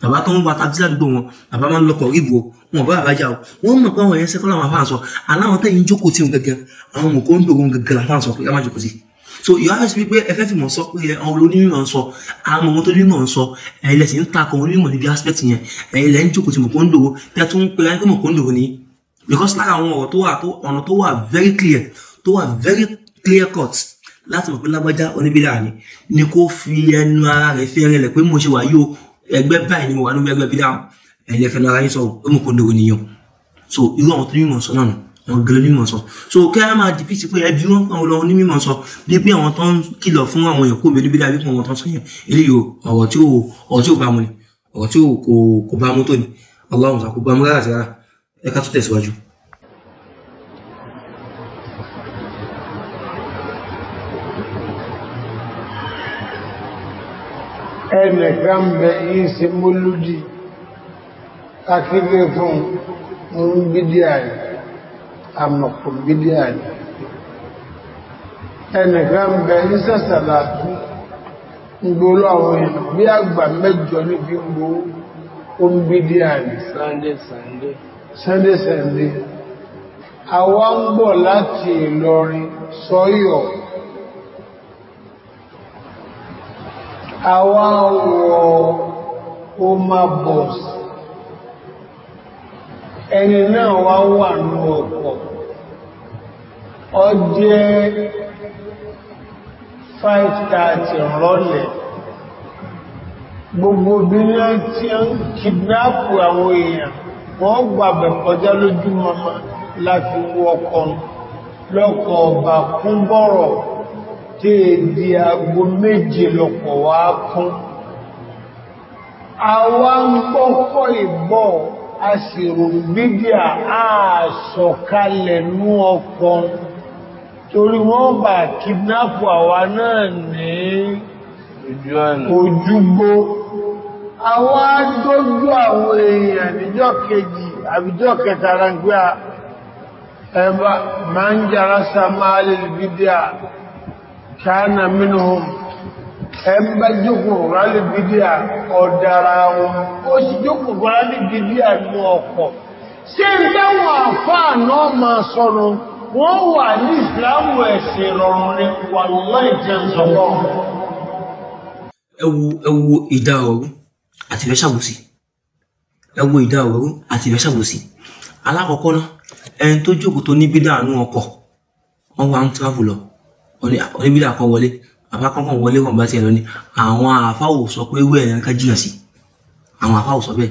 bàbá tó ń wa tábí ládùúgbò wọn bàbá máa ń lọkọ̀ rí ìbò wọn bá bàbá jà o wọn mọ̀ pé àwọn èèyàn sẹ́kọ́ làwọn afáàsọ aláwọn tẹ̀yìn jókòó tí wọn gẹ́gẹ́ so you always be pé ẹ fẹ́ fìmọ̀ sọ pé ẹ ọ̀rọ̀ onímọ̀ ń sọ àmọ́ ohun tó onímọ̀ ń sọ ẹ̀yin lẹ́sìn ń takò onímọ̀ níbi aspect yẹn ẹ̀yin lẹ́yìn jókòó ti Mọ̀kóńdò tẹ́ tún ń pe ẹni pé Mọ̀kóńdò ni because lára àwọn ọ̀rọ̀ tó wà tó ọ̀nà tó wà very clear tó wà very clear cut láti mọ̀ pé lágbájá oníbílà ni ni kó fi ẹnu ara rẹ̀ fi ẹrẹ̀ lẹ̀ pé mo ṣe wà yóò ẹgbẹ́ báyìí ni mo wà nínú ẹgbẹ́ bílà ẹ̀yin lẹ́fẹ̀ẹ́ lára yín sọ pé Mọ̀kóńdò nìyàn so irú àwọn tó onímọ̀ sọ náà nù àwọn gan onímọ̀ sọ so kí a máa dìpí sí pé ẹbí wọn àwọn lọ onímọ̀ sọ bí pé àwọn tó ń kìlọ̀ fún àwọn èèyàn kó mẹ́lú bí dábí fún àwọn tó ń sọ yẹn eléyìí ọ̀rọ̀ tí ò ọ̀rọ̀ tí ò bá mu ni ọ̀rọ̀ tí ò kò bá mu tó ni Ọlọ́run sọ kò bá mu rárá sí rárá ẹ ká tó tẹ̀síwájú. ẹnìkan bẹ yín ṣe mọ́lúdì akéde fún un gbídí àyè àmọ̀pọ̀ bídíà ni ẹnìkan bẹ ní sẹ́sàlá gbòòrò àwọn èèyàn bí àgbà mẹ́jọ níbi gbòòrò ó ń bídíà ni Sunday Sunday Sunday Sunday àwa ń bọ̀ láti Ìlọrin sọ́yọ̀ àwa ń wọ ó máa bọ̀ sí ẹni náà wá wà ní ọ̀pọ̀ ọjẹ́ 5:30 rọ́lẹ̀ gbogbo obìnrin tí ó ń kìdnápù àwọn èèyàn wọ́n gbàbẹ̀ kọjá lójú mama láti wọ́ ọkọ̀ lọ́kọ̀ ọba kún bọ́rọ̀ tí èdè agbó méje lọ́pọ̀ wá kún àwọn ń ìbọ̀ àṣìrò gbídíà àṣọ̀kalẹ̀ ní ọkọ̀ torí wọ́n bà kìdnápù àwa náà ní ojúgbó àwọn adójú àwọn èèyàn níjọ́ kejì àbíjọ́ kẹta rángbé ẹba máa ń jára sa máa lè gbídíà kánà mínú hùn ẹmbá jókòó rálì bídíà ọ̀dára wọn ó sì jókòó rálì bídíà ní ọ̀pọ̀ ṣe ń dáwọn àfáà náà ma sọ́nà wọ́n wà ní ìsìláàmù ẹ̀ṣẹ̀ rọrùn ní wà láì jẹ́ sọ́lọ́ ẹwu ẹwu ìdá ọ̀rún àti ìfẹ́sàbòsí ẹwu ìdá ọ̀rún àti ìfẹ́sàbòsí alákọ̀ọ́kọ́ náà ẹni tó jókòó tó ní bídà àánú ọkọ̀ wọ́n wá ń travel lọ oníbídà kan wọlé bàbá kankan wọlé wọn bá tiẹ̀ lọ ni àwọn àfáwò sọ pé ewé ẹ̀yàn ká jìnnà sí àwọn àfáwò sọ bẹ́ẹ̀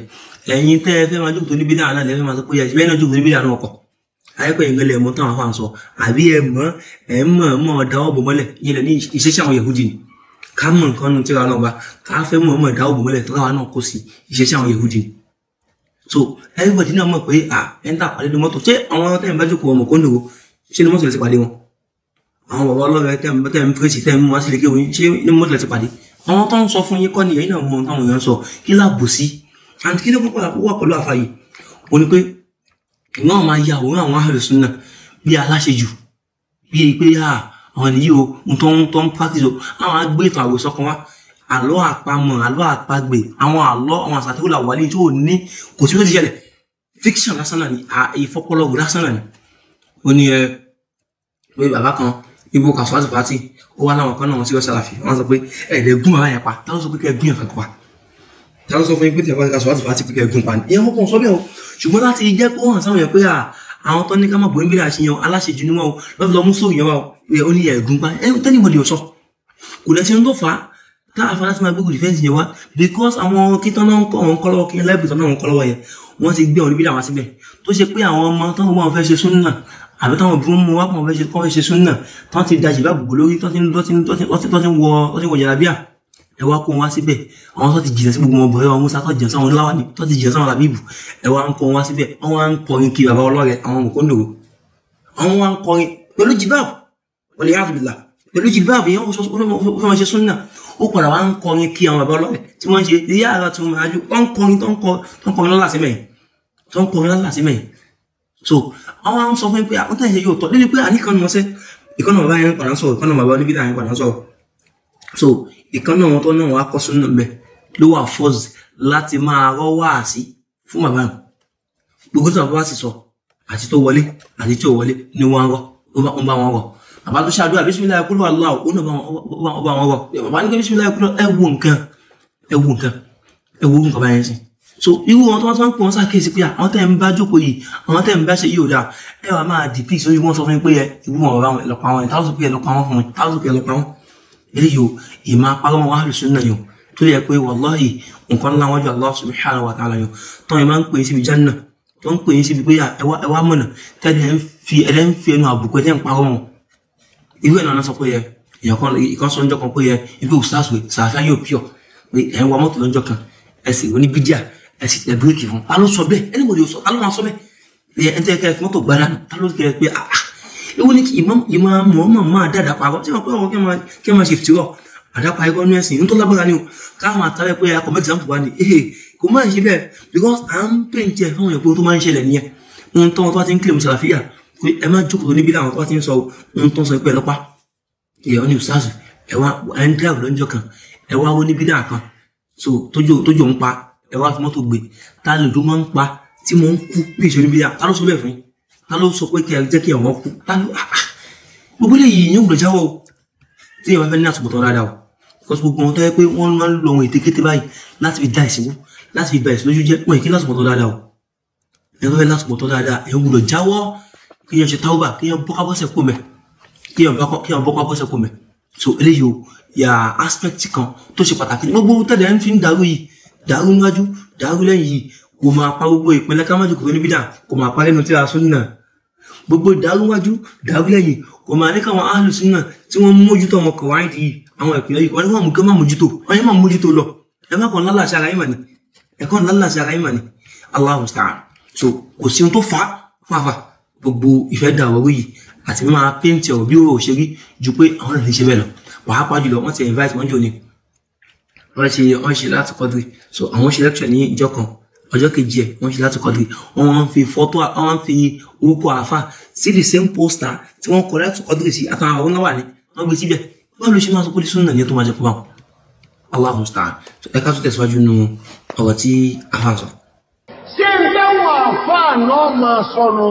ẹ̀yin tẹ́ ẹ fẹ́ máa jókòó tó níbi dáhà náà lẹ́fẹ́ máa sọ pé ẹ bẹ́ẹ̀ náà jókòó níbi dáhà náà ọkọ̀ ayẹ́pẹ́ yìí gẹ́lẹ́ táwọn afáà sọ àbí ẹ mọ́ ẹ mọ́ mọ́ dáwọ́ bò mọ́lẹ̀ yẹlẹ̀ ní ìṣesí àwọn Yahudi ni ká mọ̀ nǹkan nu tíra náà bá ká fẹ́ mọ̀ mọ́ dáwọ́ bò mọ́lẹ̀ tó káwa náà kó sí ìṣesí àwọn Yahudi ni so everybody náà mọ̀ pé à ẹ̀ ń tà pàdé ní mọ́tò ṣé àwọn ọ̀tẹ̀ ìbájú kò wọ̀ mọ̀ kóńdòwò ṣé ní mọ́tò lè ti pàdé wọn àwọn bàbá ọlọ́rẹ̀ tẹ́ ń tẹ́ ń fèsì tẹ́ ń mú wá sílé kéwòn ṣé ní mọ́tìlẹ̀ ti pàdé àwọn tó ń sọ fún yín kọ́ ni èyí náà mọ táwọn èèyàn sọ kí láàbò sí àti kí ló pọ̀ wà pẹ̀lú àfààyè o ní pé ìwọ́n máa ya àwòrán àwọn àhẹ̀rẹ̀sùn náà bí aláṣejù bí i pé ah, àwọn èyí o tó ń tó ń practice o àwọn agbé ìtàn àwòsàn kan wá àlọ́ àpamọ̀ àlọ́ àpagbè àwọn àlọ́ àwọn àsàtúkò làwálé tí ò ní kò sí ó ti ṣẹlẹ̀ fiction lásán náà ni ìfọpọlọwò lásán náà ni ó ní ẹ ibo kan sọ́wọ́sì pàtì ó wá láwọn kan náà wọ́n sí ọ̀sẹ̀ àlàfi wọ́n sọ pé ẹ̀ẹ́dẹ̀ gún bàbá yẹn pa táwọn sọ pé kẹ́ gún yẹn kankan pa táwọn sọ fún yín pé tẹ̀wọ́n ká sọ́wọ́sì pàtì pé kẹ́ gún pa ni ìyẹn kọ́kọ́ sọ bẹ́ẹ̀ o ṣùgbọ́n láti jẹ́ kó hàn sáwọn yẹn pé àwọn tó ní ká má bòyí bíra àṣeyàn aláṣejù ni wọn o lọ́fi lọ mú sóòyìn wa o ní ẹ̀ẹ́gún pa ẹ̀ tẹ́nibọ̀dì ò sọ kò lẹ́sẹ̀ ń tó fà á táàfà láti máa gbógun defense yẹn wá because àwọn kíntàn náà ń kọ́ àwọn kọ́lọ́wọ́ kí ẹlẹ́bùtàn náà ń kọ́lọ́wọ́ yẹn wọ́n ti gbé àwọn oníbílẹ̀ wá síbẹ̀ tó ṣe pé àwọn ọmọ tó ń wọ́n fẹ́ ṣe súnà àbí táwọn dúró mú wá kàn fẹ́ ṣe súnà tán ti da jìbá gbogbo lórí tán ti ń wọ jàlábíà ẹ wá kó wá síbẹ̀ àwọn tó ti jìnà sí gbogbo ọmọ ọmọ musa tó jìnà sáwọn láwà ní tó ti jìnà sáwọn làbíbù ẹ wá ń kó wá síbẹ̀ wọn wá ń kọrin kiri bàbá ọlọ́rẹ̀ àwọn mọ̀kóńdò àwọn wá ń kọrin pẹ̀lú jìbáàbù wọlé áfìlà pẹ̀lú jìbáàbù yẹn ó fẹ́ máa ṣe súnà ó padà wá ń kọrin kí àwọn bàbá ọlọ́rẹ̀ tí wọ́n àwọn àwọn sọ fún mi pé àwọn ah, tẹ̀sẹ̀ yóò tọ́ nínú pé àníkan mọ̀ sẹ́ ìkànnà bàbá yẹn padà sọ̀rọ̀ ìkànnà bàbá oníbí náà yẹn padà sọ̀rọ̀ so ìkànnà wọn tó náà wà kọ́ sínú bẹ́ẹ̀ ló wà fọ́ọ̀sì láti máa rọ́ wáàsí fún bàbá yẹn gbogbo tí bàbá sì sọ àti tó wọlé àti tí ò wọlé ni wọ́n rọ ó bá wọn rọ bàbá tó ṣàdúrà bísímìlá ẹkúrò aláwọ ó náà bá wọn rọ bàbá ní kí bísímìlá ẹkúrò ẹ wo nǹkan ẹ wo nǹkan ẹ wo nǹkan báyẹn sìn so irú wọn tó wá tó ń pè ṣàkíyèsí pé àwọn tẹ̀ ń bá jókòó yìí àwọn tẹ̀ ń bá ṣe yìí ò dáa ẹ wàá máa dì pí sórí wọn sọ fún mi pé ẹ ìwú wọn ọ̀rọ̀ àwọn ẹ̀lọ́pàá wọn táwọn pé ẹ̀lọ́pàá wọn fún mi táwọn pé ẹ̀lọ́pàá wọn eléyìí o ìmọ̀ apárọ̀ wọn àlùsùn náà yòó tó yẹ pé wàláhì nǹkan ńlá wájú Allah subhanahu wa ta'ala yòó tó yẹ máa ń pè é síbi jannà tó ń pè é síbi pé ẹ wá mọ̀nà tẹ́lẹ̀ ń fi ẹlẹ́ ń ẹsì tẹ bíréèkì fún ta ló sọ bẹ́ẹ̀ ẹni wòle sọ ta ló máa sọ bẹ́ẹ̀ ẹ ẹ tẹ fún tó gbára ta ló kẹ pé ah, ah. ewu ni kì í máa mọ ọmọ máa dáadáa pa àwọn tí wọn pé àwọn kí wọn máa ṣe fìtìrọ àdápa ẹgbẹ ní ẹsìn ní tó lágbára ni o káwọn àtàwẹ pé akọ mẹ́ta ń fòwá ni ee kò máa ṣe bẹ́ẹ̀ because à ń pè ń jẹ fáwọn èèpo tó máa ń ṣẹlẹ̀ nìyẹn ohun tó wọn tó bá ti ń kílèmù sàlàfíà pé ẹ má jókòó níbi láwọn tó bá ti ń sọ ohun tó ń sọ pé lọ́pàá èèyàn ní ìsáàsì ẹ wá ẹ ń dáàbò lọ́jọ́ kan ẹ wá wó níbi dáà kan so tójó tójó ń pa ẹ wá fi mọ́tò gbé ta lè ló máa ń pa tí mo ń kú bí ìṣòro bí i ta ló sọ bẹ́ẹ̀ fún yín ta ló sọ pé kí ẹ jẹ́ kí ẹ̀wọ̀n kú ta ló ah, ah. gbogbo lè yìí yín gbọ́dọ̀ jáwọ́ o tí ìyẹn bá fẹ́ ní àtúbọ̀tán dáadáa o kọ́sí gbogbo wọn tó yẹ pé wọ́n máa ń lo àwọn ètekéte báyìí láti fi dá ìsìnkú láti fi gba ìsìn lójú jẹ́ wọn kì í látúbọ̀tán dáadáa o ẹ fẹ́ látúbọ̀tán dáadáa ẹ gbọ́dọ̀ jáwọ́ kí yẹn ṣe táwọ́bà kí yẹn bọ́ká bọ́sẹ̀ kò mẹ́ kí yẹn bọ́ká bọ́sẹ̀ kò mẹ́ so eléyìí o yà aspect kan tó ṣe pàtàkì gbogbo tẹ̀lé ń fi ń darú yìí dàrú níwájú dàrú lẹ́yìn yìí kò máa pa gbogbo ìpínlẹ̀ kámájú kò níbi dà kò máa pa lẹ́nu tí a sún náà gbogbo dàrú níwájú dàrú lẹ́yìn kò máa ní káwọn áàlù sí náà tí wọ́n mójútó àwọn kọ̀wáìn yìí àwọn ìpínlẹ̀ yìí wọ́n ní wọ́n mú kán máa mójútó wọ́n yẹn máa mójútó lọ ẹ má kàn lálàsí ara yín mà ní ẹ ara yín mà ní so kò sí ohun tó fà á fàfà gbogbo ìfẹ́ dàwọ́rú yìí àti máa péǹtì ọ̀rọ̀ bí òwò ṣe rí ju pé àwọn náà lè ṣe bẹ́ẹ̀ so àwọn ṣe lecture ní ìjọ kan ọjọ́ kejì ẹ̀ wọ́n ṣe láti kọ́ di wọ́n fi fọ́tò wọ́n fi orúkọ àáfà sí the same poster tí wọ́n kọ́ láti kọ́ di sí àtàwọn àwọn náà wà ní wọ́n gbé síbẹ̀ báwo ló ṣe máa sọ pé sunna ní ẹ̀ tó máa jẹ́ pọ̀ báwọn. Allahu musta'an ẹ ká tún tẹ̀síwájú nínú ọ̀rọ̀ tí àáfà sọ. ṣé ń dáwọn àáfàá náà máa sọnù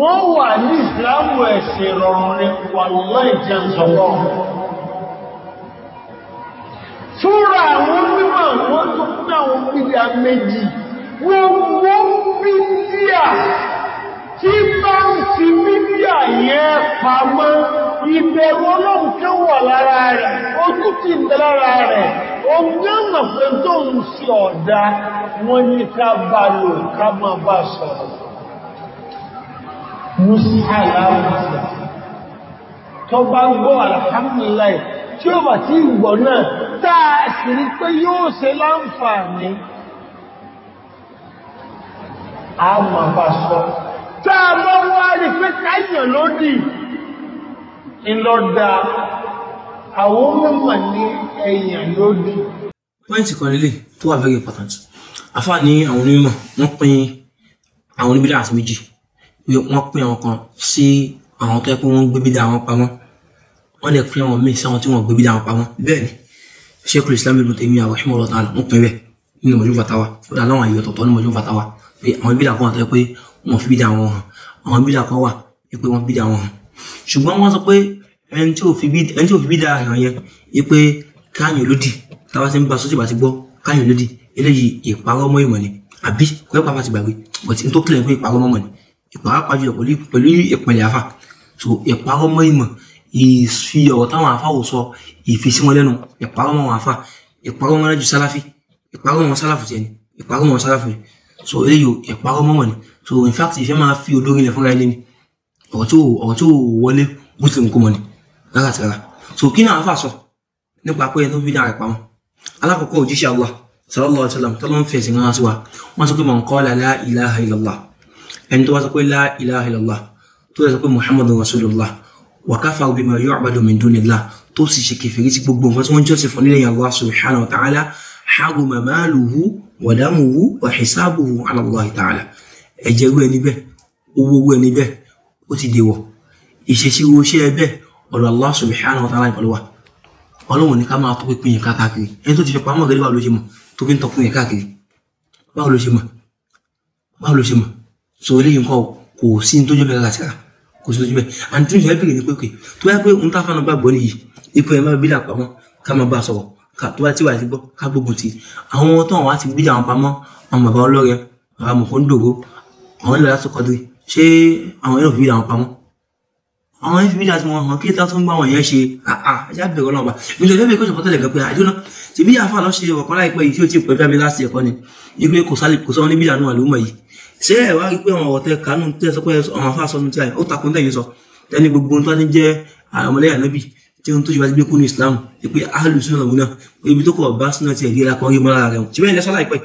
wọ́n wà ní ìsìlámù ẹ̀sìn rọrùn ni wàlúwà ìjẹun sọ̀rọ̀ Súra àwọn mímọ̀ wọ́n tó náà wọ́n pílì àmẹ́jì, wọ́n wọ́n mídíà tí bá ń fi mídíà yẹ pàmọ́ ìbẹ̀rù ọlọ́run kẹ́ wà lára rẹ̀, ojú ti ń bẹ lára rẹ̀, ọgbẹ́ mọ̀fẹ́ tó ń sí ọ̀dá wọ́n ní ká bá lò gbọ́ alhamdulillah tí ó bà tí ìwọ̀ náà táà sì rí pé yóò ṣe láǹfààní a ma bá sọ táà mọ́ wá rí pé káyàn lódì ìlọ́dà àwọn mẹ́mọ̀ ní ẹ̀yàn lódì pọ́ìntì kan lélẹ̀ tó wà very important afá ní àwọn onímọ̀ wọ́n pín àwọn oníbídà àti méjì wọ́n pín àwọn kan sí àwọn tó yẹ pé wọ́n gbé bídà àwọn pamọ́ wọ́n lè fi àwọn míì sáwọn tí wọ́n gbé bí dáhùn pamọ́ bẹ́ẹ̀ ni sheikh islam ibn taymiya àwọn ṣùgbọ́n ọ̀rọ̀ tààlà wọ́n pin bẹ́ẹ̀ nínú mọ̀jú fatawa kódà láwọn àyè ọ̀tọ̀ọ̀tọ̀ ní mọ̀jú fatawa pé àwọn bídà kan tẹ́ pé wọ́n fi bídà wọn hàn àwọn bídà kan wà pé wọ́n bídà wọn hàn ṣùgbọ́n wọ́n sọ pé ẹni tí ò fi bídà hàn yẹn yí pé káyọ̀ lódì táwa ti ń bá sọ́jọ́ bá ti gbọ́ káyọ̀ lódì eléyìí ìparọ́ mọ́ ìmọ̀ ni àbí kọ́ ẹ̀pà ti gbàgbé bọ̀tí n tó kílẹ̀ pé ìparọ́ mọ́ mọ̀ ni ìparọ́ pàjùlọ pẹ̀lú ìpìlẹ̀ afa so ìparọ́ mọ́ ìmọ̀ ìfi ọ̀rọ̀ táwọn àfa ò sọ ìfisí wọn lẹ́nu ìparọ́ mọ́ wọn àfa ìparọ́ mọ́ lẹ́jù sálàfí ìparọ́ mọ́ sálàfù tiẹ̀ ni ìparọ́ mọ́ sálàfù yẹn so eléyìí ìparọ́ mọ́ wọn ni so in fact ìfẹ́ máa fi olórí ilẹ̀ fúnra ẹni ni ọ̀rọ̀ tí ò ọ̀rọ̀ tí ò wọlé bó ti ń kó mọ́ ni rárá àti rárá so kí náà àfa sọ nípa pé ẹni tó fi dára ìpamọ́ alákọ̀ọ́kọ́ òjíṣẹ́ Allah sallallahu alaihi wasallam tó ló ń fẹ̀sìn rán sí wa wọ́n sọ pé man qala la ilaha illallah ẹni tó wá sọ pé la ilaha illallah tó yẹ sọ pé muhammadu rasulullah wàkàfà bima yu'badu min dunillah tó sì ṣe kẹfẹ́rí sí gbogbo nǹkan tí wọ́n ń jọ́sìn fún nílẹ̀ Allah subhanahu wa ta'ala haruma maluhu wa damuhu wa hisabuhu ala Allah ta'ala ẹ̀jẹ̀ rú ẹni bẹ́ẹ̀ owó rú ẹni bẹ́ẹ̀ ó ti dèwọ̀ ìṣesí wo ṣe ẹ bẹ́ẹ̀ ọ̀dọ̀ Allah subhanahu wa ta'ala ìkọlọ́wà ọlọ́run ní ká máa tọ́pẹ́ pín yín káàkiri ẹni tó ti fi pamọ́ gẹ́gẹ́ báwo ló ṣe mọ̀ tó fi ń tọ́pẹ́ yín káàkiri báwo ló ṣe mọ̀ báwo ló ṣe mọ̀ sọ eléyìí nǹkan kò sí ní tó jẹ́ bẹ́ẹ̀ kàkàtìkà kò sí lójú bẹ́ẹ̀ àti tí mo fẹ́ bèrè ni pé pé tó yá pé òun táfà náà gbàgbọ́ nìyí ipò ẹ̀ máa bí dà pamọ́ ká máa bá a sọ̀rọ̀ ká tó bá ti wà sí gbọ́ ká gbógun ti àwọn tó àwọn á ti bí àwọn pamọ́ àwọn bàbá ọlọ́rẹ bàbá mọ̀kọ́ ń dògó àwọn ìlú láti kọ́dé ṣé àwọn yóò fi bí àwọn pamọ́ àwọn fbi láti wọn hàn kí tá tó ń gbà wọn yẹn ṣe àà ajá bẹ̀rẹ̀ ọlọ́ọ̀bà nítorí ẹgbẹ́ mi kò ṣọ̀kọ́ tẹ̀lé gan pé àjọ náà tìbí àfa lọ ṣe ọ̀kan láìpẹ́ yìí tí ó ti pẹ̀lú àmì láti ẹ̀kọ́ ni ipe ṣé ẹ wá rí pé àwọn ọ̀tẹ kanú tẹ sọ pé àwọn afá sọ nítorí ó takò tẹ̀yìn sọ tẹ́ni gbogbo tó ti jẹ́ àwọn ọmọlẹ́yìn ànábì tí ohun tó ṣe bá ti gbé kúrò ní Islam ni pé áàlù sínú ọ̀hún náà ibi tó kọ̀ bá sínú ti ẹ̀rí lakọ̀ rí mọ́ra rẹ̀ ṣé bẹ́ẹ̀ lẹ́sọ́ láìpẹ́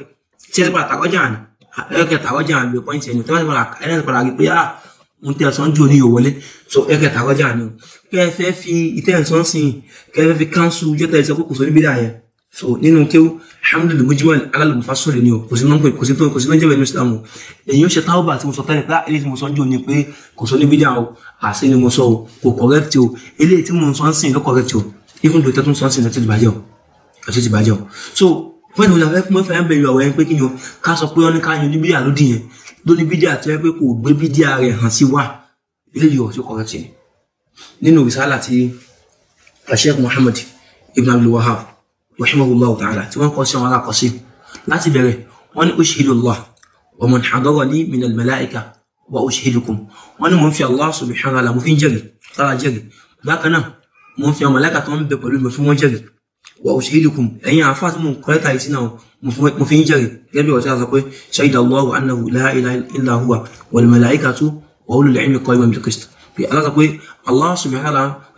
tí ẹ ti padà tàkọ́jà àná ẹ̀kẹ́ tàkọ́jà àná bíi pọ́ìntì ẹ̀yìn tí wọ́n ti padà rí pé ah ohun tí ẹ̀sán jò ní ìyòwò lé so ẹ̀kẹ́ tàkọ́jà àná kẹ́ ẹ fẹ́ fi ìtẹ́ ẹ̀sán sìn kẹ́ ẹ fẹ́ fi káńsù jẹ́tẹ̀ ẹ̀sán kókò sórí bídà yẹn so nínú kéwú alhamdulilayi mujmal alálùmùfásọ̀rì ni o kò sí nọ́ńpẹ̀ kò sí tó kò sí nọ́ńjẹ́ bẹ̀rẹ̀ islam o èyí ó ṣe táwọ́bà tí mo sọ tẹ́lẹ̀ pé ah, eléyìí tí mo sọ jò ní pé kò sọ níbi dáa o àṣẹ ni mo o kò correct o eléyìí tí mo ń sìn ló correct o even though tẹ́tún sọ ń sìn lọ́tí ti bàjẹ́ o so fún ìdíwọ̀n afẹ́ fún ìfẹ́ bẹ̀rẹ̀ ọ̀rọ̀ yẹn pé kí ni o ká sọ pé ọ́n ní ká yan oníbíyà lódì yẹn lóní bídíà tó yẹ pé kò gbé bídíà Muhammad ibn Abdul Wahab rahimahullahu ta'ala tí wọ́n kọ́ sí àwọn alákọ̀ọ́sí láti bẹ̀rẹ̀ wọ́n ní ushhidullah wa man hadarani min al-malaika wa ushhidukum wọ́n ní mò ń fi Allah subhanahu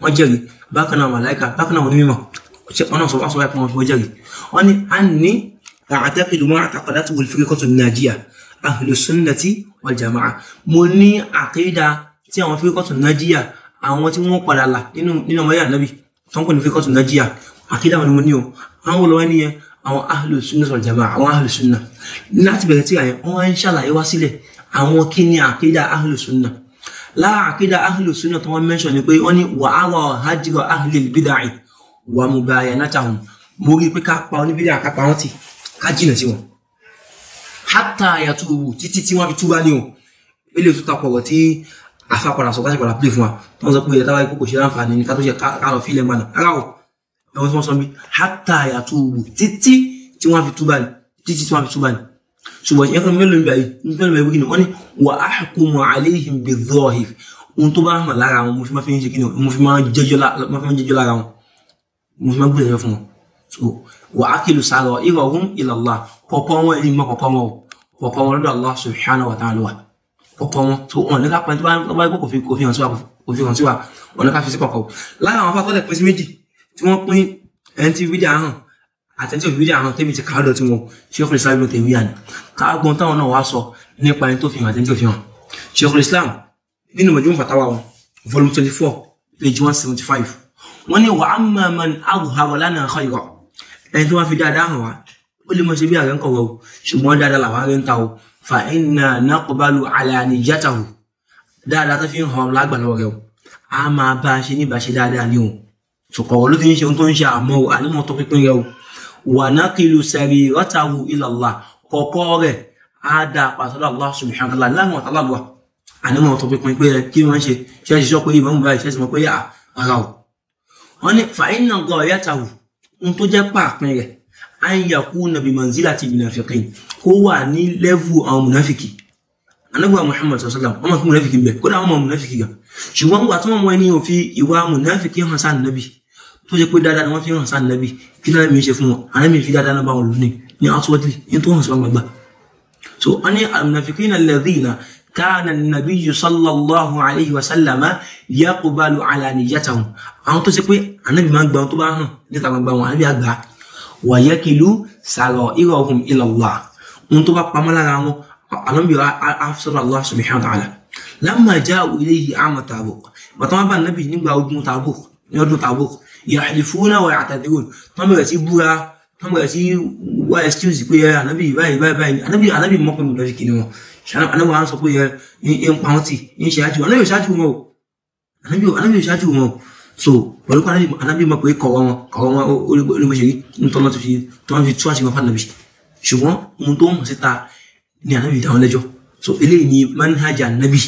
wa ta'ala mo fi ọ̀nà sọ fásọ ẹ̀pọ̀ ọ̀fọ̀ jẹ́rì wọ́n ni a ní àtẹ́kìlù mọ́ àtàkọ̀dá tí wọ́n fírí kọ́tù nàíjíríà ahlu sunnati wal jamaa mo ní àkídà tí àwọn fírí kọ́tù nàíjíríà àwọn tí wọ́n padà là nínú ọmọ yàrá nàbì tó ń pè ní fírí kọ́tù nàíjíríà àkídà wọn ni mo ní o àwọn olówó ni yẹn àwọn ahlu sunnati wal jamaa àwọn ahlu sunna láti bẹ̀rẹ̀ tí àyẹn wọ́n ń ṣàlàyé ni àkídà ahlu ni wàhálà hajjọ́ ahlu bid'ah wà mú ba ẹ̀ náà mo rí i pé ká pa oníbílẹ̀ àká pa wọ́n tì ká jìnà sí wọn. hátà àyàtú owó títí tí wọ́n fi túbá ní o ilé ìtúta kọ̀wọ̀ tí àfapàdà sọ báṣẹ̀ padà pè fún wa tó ń sọ pé ìyẹn táwa ikú kò ṣe láǹfààní ní ká tó ṣe káàrọ̀ fílẹ̀ mọ́nà rárá o ẹ̀wọ̀n tí wọ́n sọ bí hátà àyàtú owó títí tí wọ́n fi túbá ní títí tí wọ́n fi túbá ní ṣùgbọ́n ìyẹn kan mélòó mo máa ń gbé yẹn fún wọn so wà á kìlù sáré wa ìrọ̀ ọ̀hún ilallah kọ̀ọ̀kan wọn ẹni mọ́ kọ̀ọ̀kan wọn o kọ̀ọ̀kan wọn lọ́dọ̀ Allah subhanahu wa ta'ala wa kọ̀ọ̀kan wọn tó wọn ní ká pẹ́ntì wọn bá gbọ́ kò fi hàn sí wa kò fi hàn sí wa wọn ní ká fi sí kọ̀ọ̀kan o lára àwọn afáfọ́lẹ̀ pín sí méjì tí wọ́n pín ẹni tí fídíà hàn àtẹ̀tí òfin fídíà hàn tẹ́mi ti kàá lọ tí wọn ṣéèkùn islam ló tẹ̀wé àná káàgbọ́n táwọn náà wá sọ nípa ẹni tó fi hàn àtẹ̀tí òfin hàn ṣéèkùn islam nínú mọ̀jú wọ́n ní wàá mọ̀ mọ̀ àwòhàwọ̀ lánàá kọ́ ìrọ̀ ẹni tó wá fi dáadáa hàn wá ó lè mọ̀ ṣe bí àrẹ́ńkọ̀ wọ̀ ṣùgbọ́n dáadáa làwọn àrẹ́ńta o fa inna naqbalu ala niyatahu dáadáa tó fi ń hàn lágbàlọ́ rẹ̀ o a máa bá a ṣe níbàṣe dáadáa ni o sọ̀kọ̀rọ̀ ló ti ń ṣe ohun tó ń ṣe àmọ́ o ànímọ̀ tó pínpín rẹ̀ o wa naqilu sariratahu ila Allah kọ̀ọ̀kọ́ rẹ̀ á dáa pàṣẹ Allah subhanahu wa ta'ala wọ́n ní fàáyínà gan ọ̀yá ta wù n tó jẹ́ pàápín rẹ̀ à ń yàkú nàbí manzila ti munafiqin kó wà ní lẹ́vù àwọn munafiki anabi wa muhammad sallallahu alaihi wasallam ọmọ kí munafiki bẹ kódà ọmọ munafiki gan ṣùgbọ́n wà tí wọ́n mọ ẹni òfin ìwà munafiki hàn sáà nàbí tó jẹ́ pé dáadáa ni wọ́n fi hàn sáà nàbí kí náà mi ṣe fún wọn àná mi fi dáadáa náà bá wọn lónìí ní outwardly ní tó hàn sí gbàgbà so wọ́n ní almunafiqina alladhina كان النبي صلى الله عليه وسلم يقبل على نيتهم àwọn tó ṣe pé ànábì máa ń gba ohun tó bá hàn níta gbangba wọn ànábì àgbà wàyẹkìlú sàrọ ìrọ ohun ìlọlá ohun tó bá pamọ́ lára wọn ànábì afsọrọ allah subhanahu wa ta'ala lámà já ilé yìí àmọ tààbò bàtà wọn bá ànábì nígbà ogun tààbò ní ọdún tààbò yàhlifuna wa ya'tadirun tọ́n bẹ̀rẹ̀ sí búra tọ́n bẹ̀rẹ̀ sí wá excuse pé ànábì báyìí báyìí báyìí ànábì ànábì mọ́kànlélọ́sì kìnìún anábì wa sọ pé yẹ ń pa wọn tì ṣe àjò anábì ṣáájú wọn o anábì ṣáájú wọn o so pẹ̀lú pé anábì mọ̀ pé kọ̀wọ́ wọn kọ̀wọ́ wọn olùmọ̀ṣẹ́ yìí ń tọ́nà ti fi tọ́nà fi tú àṣìwọ̀n fún anábì ṣùgbọ́n ohun tó ń mọ̀ síta ni anábì dáwọn lẹ́jọ́ so eléyìí ni manhaj anábì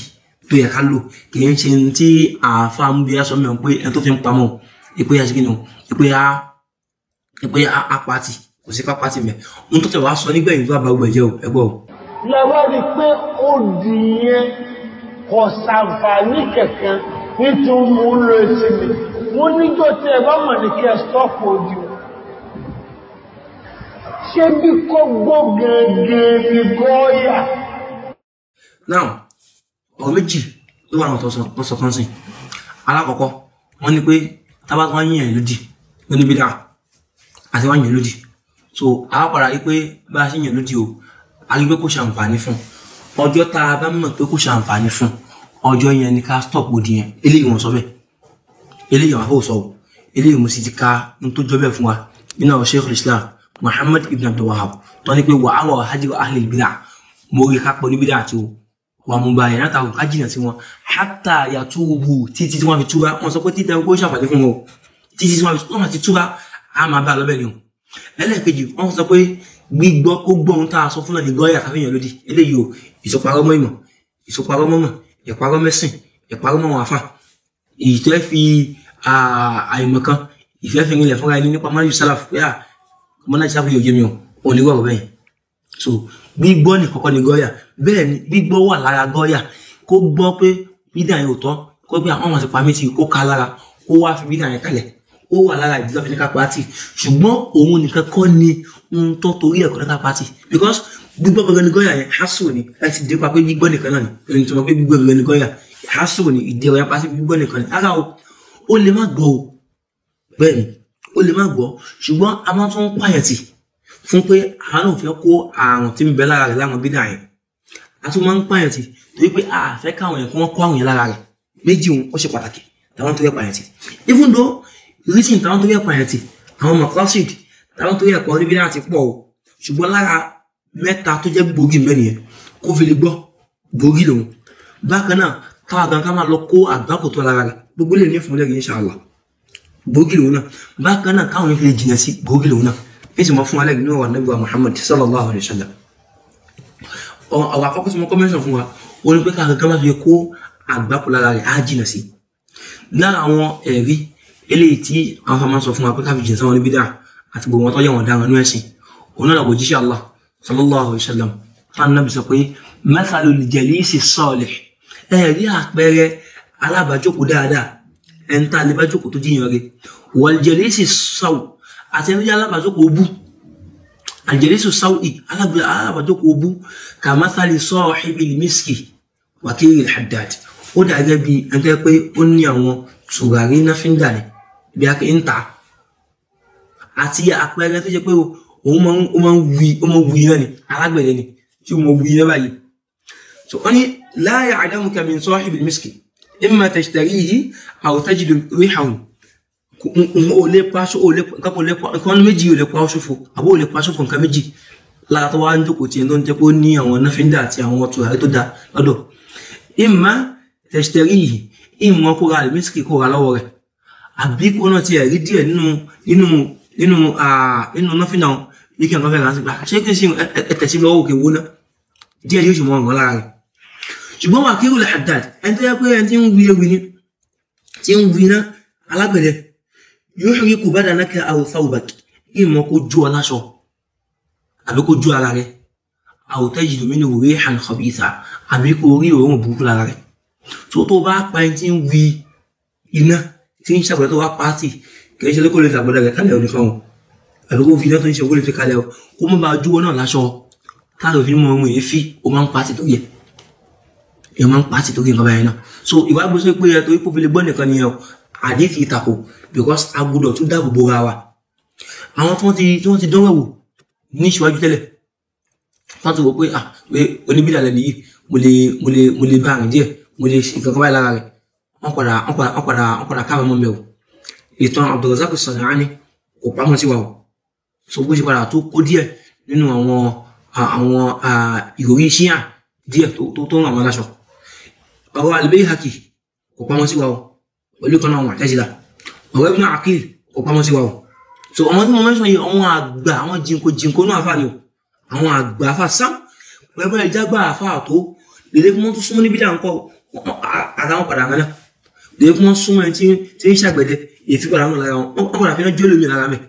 tó yẹ ká lò kì í ṣe tí àáfàá ń bí aṣọ mẹ́wọ̀n pé ẹni tó fi ń pamọ́ ìpè yà apá tì kò sí pápá tì mẹ́ ohun tó tẹ̀ wá sọ nígbẹ̀yìn tó bá gbẹ̀jẹ̀ o lẹ́wọ́ rí pé ó di yẹn kọ̀ sàǹfàní kẹ̀kẹ́ nítorí mú lọ etí mi wọ́n níjọ́ tí ẹ bá mọ̀ ní kí ẹ stọ́pù ojú ṣé bí kọ́ gbọ́ gẹ́gẹ́ ní gọ́ọ̀yà. now ọ̀rọ̀ méjì ló wà lọ́tọ̀ sọ kan sí alákọ̀ọ́kọ́ wọ́n ní pé tábàtà wọ́n yìn ẹ̀ lódì wọ́n ní bídà àti wọ́n yìn ẹ̀ lódì so àwọn padà rí pé bá a ṣe yìn o a rí pé kò ṣàǹfààní fún ọjọ́ tá a bá mọ̀ pé kò ṣàǹfààní fún ọjọ́ yẹn ni ká stop odi yẹn eléyìí wọn sọ bẹ́ẹ̀ eléyìí wọn àfọwọ́sọ o eléyìí mo sì ti ka ní tó jọ bẹ́ẹ̀ fún wa nínú àwọn sheikh islam muhammad ibn abdul wahab tó ní pé wà á wà á hajj wa ahlil bid'ah mo rí ká pọ̀ ní bid'ah àti o wà mo gba ìyàrá ta ká jìnnà sí wọn hatta yatubu títí tí wọn fi túbá wọn sọ pé títí àwọn kò fún wọn títí tí wọn fi túbá a máa bá lọ́bẹ̀ ni o ẹlẹ́ẹ̀kejì wọn sọ pé gbígbọ́ kó gbọ́ ohun tá a sọ fúnlọ nìgbọ́ yà káfíyàn lódì eléyìí o ìsopàrọ̀ mọ́ ìmọ̀ ìsopàrọ̀ mọ́ mọ̀ ìparọ́ mẹ́sìn ìparọ́ mọ́ wọn àfà ìtẹ́ fi àìmọ̀ kan ìfẹ́ fi rinlẹ̀ fúnra ẹni nípa mọ́nájú sálàf pé à mọ́nájú sálàf yóò yé mi o ò lè rọrùn bẹ́ẹ̀ so gbígbọ́ nìkọ̀kọ́ ni gọ́yà bẹ́ẹ̀ ni gbígbọ́ wà lára gọ́yà kó gbọ́ pé bídà yẹn ò tọ́ kó pé àwọn àwọn àtìpá mi ti kó ka lára kó wá fi bídà yẹn kalẹ̀ ó wà lára ìdílọ́fínìkà pàtì ṣùgbọ́n òun nìkan kọ́ ni ń tọ́ torí ẹ̀kọ́ lẹ́ka pati because gbígbọ́ gbẹgbẹ́ ní gọ́yà yẹn hasso ni láti dé pa pé gbígbọ́ nìkan náà ni ẹni tó mọ̀ pé gbígbọ́ gbẹgbẹ́ ní gọ́yà hasso ni ìdí ọ̀yà pati gbígbọ́ nìkan ni rárá o ó lè má gbọ́ o bẹ́ẹ̀ ni ó lè má gbọ́ ṣùgbọ́n a máa tún pààyàn tì fún pé àánú fẹ́ kó àrùn tí ń bẹ lára rẹ̀ láwọn bídà yẹn a tún máa ń pààyàn tì torí pé a fẹ́ káwọn yẹn kó wọ́n kó àrùn yẹn lára rẹ̀ méjì òun ó ṣe pàtàkì táwọn tó yẹ pààyàn tì even though reason táwọn tó yẹ pààyàn tì àwọn macrosid táwọn tó yẹ pọ̀ níbi náà ti pọ̀ o ṣùgbọ́n lára mẹ́ta tó jẹ́ gbòógì mẹ́rin yẹn kó fi lè gbọ́ gbòógì lòun bákan náà káwa gan ká máa lọ kó àgbákò tó lára rẹ̀ gbogbo lè ní fúnlẹ̀ yìí ṣàlà gbòógì lòun náà bákan náà káwọn yẹn fi lè jìnà sí gbòógì lòun náà èsì mọ fún alẹ́ ní ọ̀wà nàbí wa Muhammad sallallahu alayhi wa sallam ọ̀wà àkọ́kọ́ tí mo kọ́ mẹ́sàn fún wa ó ní pé káwa gan máa fi kó àgbákò lára rẹ̀ á jìnà sí lára àwọn ẹ̀rí eléyìí tí àwọn àti gbogbo wọn tó yẹ wọn dáhùn inú ẹ̀sìn òun náà lọ́gọ́jíṣẹ́ Allah sallallahu alayhi wa sallam fún anabi sọ pé mathalu al-jalisi salih ẹ rí àpẹẹrẹ alábàájókòó dáadáa ẹ̀ ń ta alábàájókòó tó jiyàn rẹ wal-jalisi saw àti ẹni jẹ́ alábàájókòó bú al-jalisu sawi alábàájókòó bú ka mathali sahibil miski wakiril bí àti àpẹẹrẹ tó ṣe pé òun máa ń ó máa ń wí ó máa ń wí náà ni alágbẹ̀dẹ ni tí ó máa wí náà báyìí so wọ́n ní la ya'lamuka min sahibil miski imma tashtarihi aw tajidu rihahu o lè paṣọ o lè nǹkan kan lè pa nǹkan méjì o lè pa ṣòfò àbó o lè pa ṣòfò nǹkan méjì lára tó wá ń jókòó tiẹ̀ tó ń jẹ́ ní àwọn náfíńdà àti àwọn tùràrí tó da lọ́dọ̀ imma tashtarihi ìmọ̀ kóra miski kóra lọ́wọ́ rẹ̀ àbí kó náà ti ẹ̀rí díẹ̀ nínú nínú nínú nọ́fìnà ní kí nǹkan fẹ́ ránṣẹ́ gbà ṣé kí n ṣe ẹ̀tẹ̀sí lọ́wọ́ òkè wó náà díẹ̀ yóò ṣe mọ́ ọ̀rọ̀ lára rẹ̀ ṣùgbọ́n wà kí rúlẹ̀ Haddad ẹni tó yẹ pé ẹni tí ń wi ewì ni tí ń wi iná alágbẹ̀dẹ yóò rí kù bá dáná kí àwòfà òbà kí ìmọ̀ kó jó ọ láṣọ àbí kó jó ara rẹ àwòtẹ́ yìí lómi ní òwe hàn khabitha àbí kó rí òórùn burúkú lára rẹ tó tó bá pa ẹni tí ń wi iná tí ń ṣàgbẹ́ wá pàtì kì í ṣe kó lè tàgbọ́dàgbà kálẹ̀ òní fáwọn àbí kó fi iná tó ń ṣe kó lè fi kálẹ̀ o kó mọ́ bá dúró náà láṣọ káàdùn fi mọ ohun èéfì ó máa ń pa àtìtò yẹ èèyàn máa ń pa àtìtò yẹ nǹkan báyẹn náà so ìwà gbèsè pé ẹ torí pòfilè gbọ́ nìkan nìyẹn o àdé ti tako because agbọ́dọ̀ tún dáàbò bo ra wa àwọn tí wọ́n ti tí wọ́n ti dánwò wò ní ìṣíwájú tẹ́lẹ̀ wọ́n ti wò pé ah pé oníbìlà lẹ́nu yìí mo lè mo lè mo lè bá àrùn díẹ̀ mo lè ṣe nǹkan kan báyìí lára rẹ̀ wọ́n padà wọ́n padà wọ́n ìtàn Abdulrasaq Sanani kò pamọ́ sí wa o so bó ṣe padà tó kó díẹ̀ nínú àwọn àwọn ìròyìn ṣíà díẹ̀ tó tó ń ràn wọn láṣọ ọ̀rọ̀ Al-Bayhaqi kò pamọ́ sí wa o pẹ̀lú kan náà wọn àtẹ́sílà ọ̀rọ̀ Ibn Aqil kò pamọ́ sí wa o so àwọn tí mo mẹ́sàn yìí àwọn àgbà àwọn jìnkò jìnkò náà fà ní o àwọn àgbà àfà sam pẹ̀lú ìjágbá àfà tó lèlé kí wọ́n tún súnmọ́ níbi dáńkọ́ àtàwọn padà mẹ́lá lèlé kí wọ́n súnmọ́ ẹni tí ń ṣàgbẹ̀dẹ èyí padà mọ̀ lára wọn wọn padà fi hàn jẹ́ olómi lára mẹ́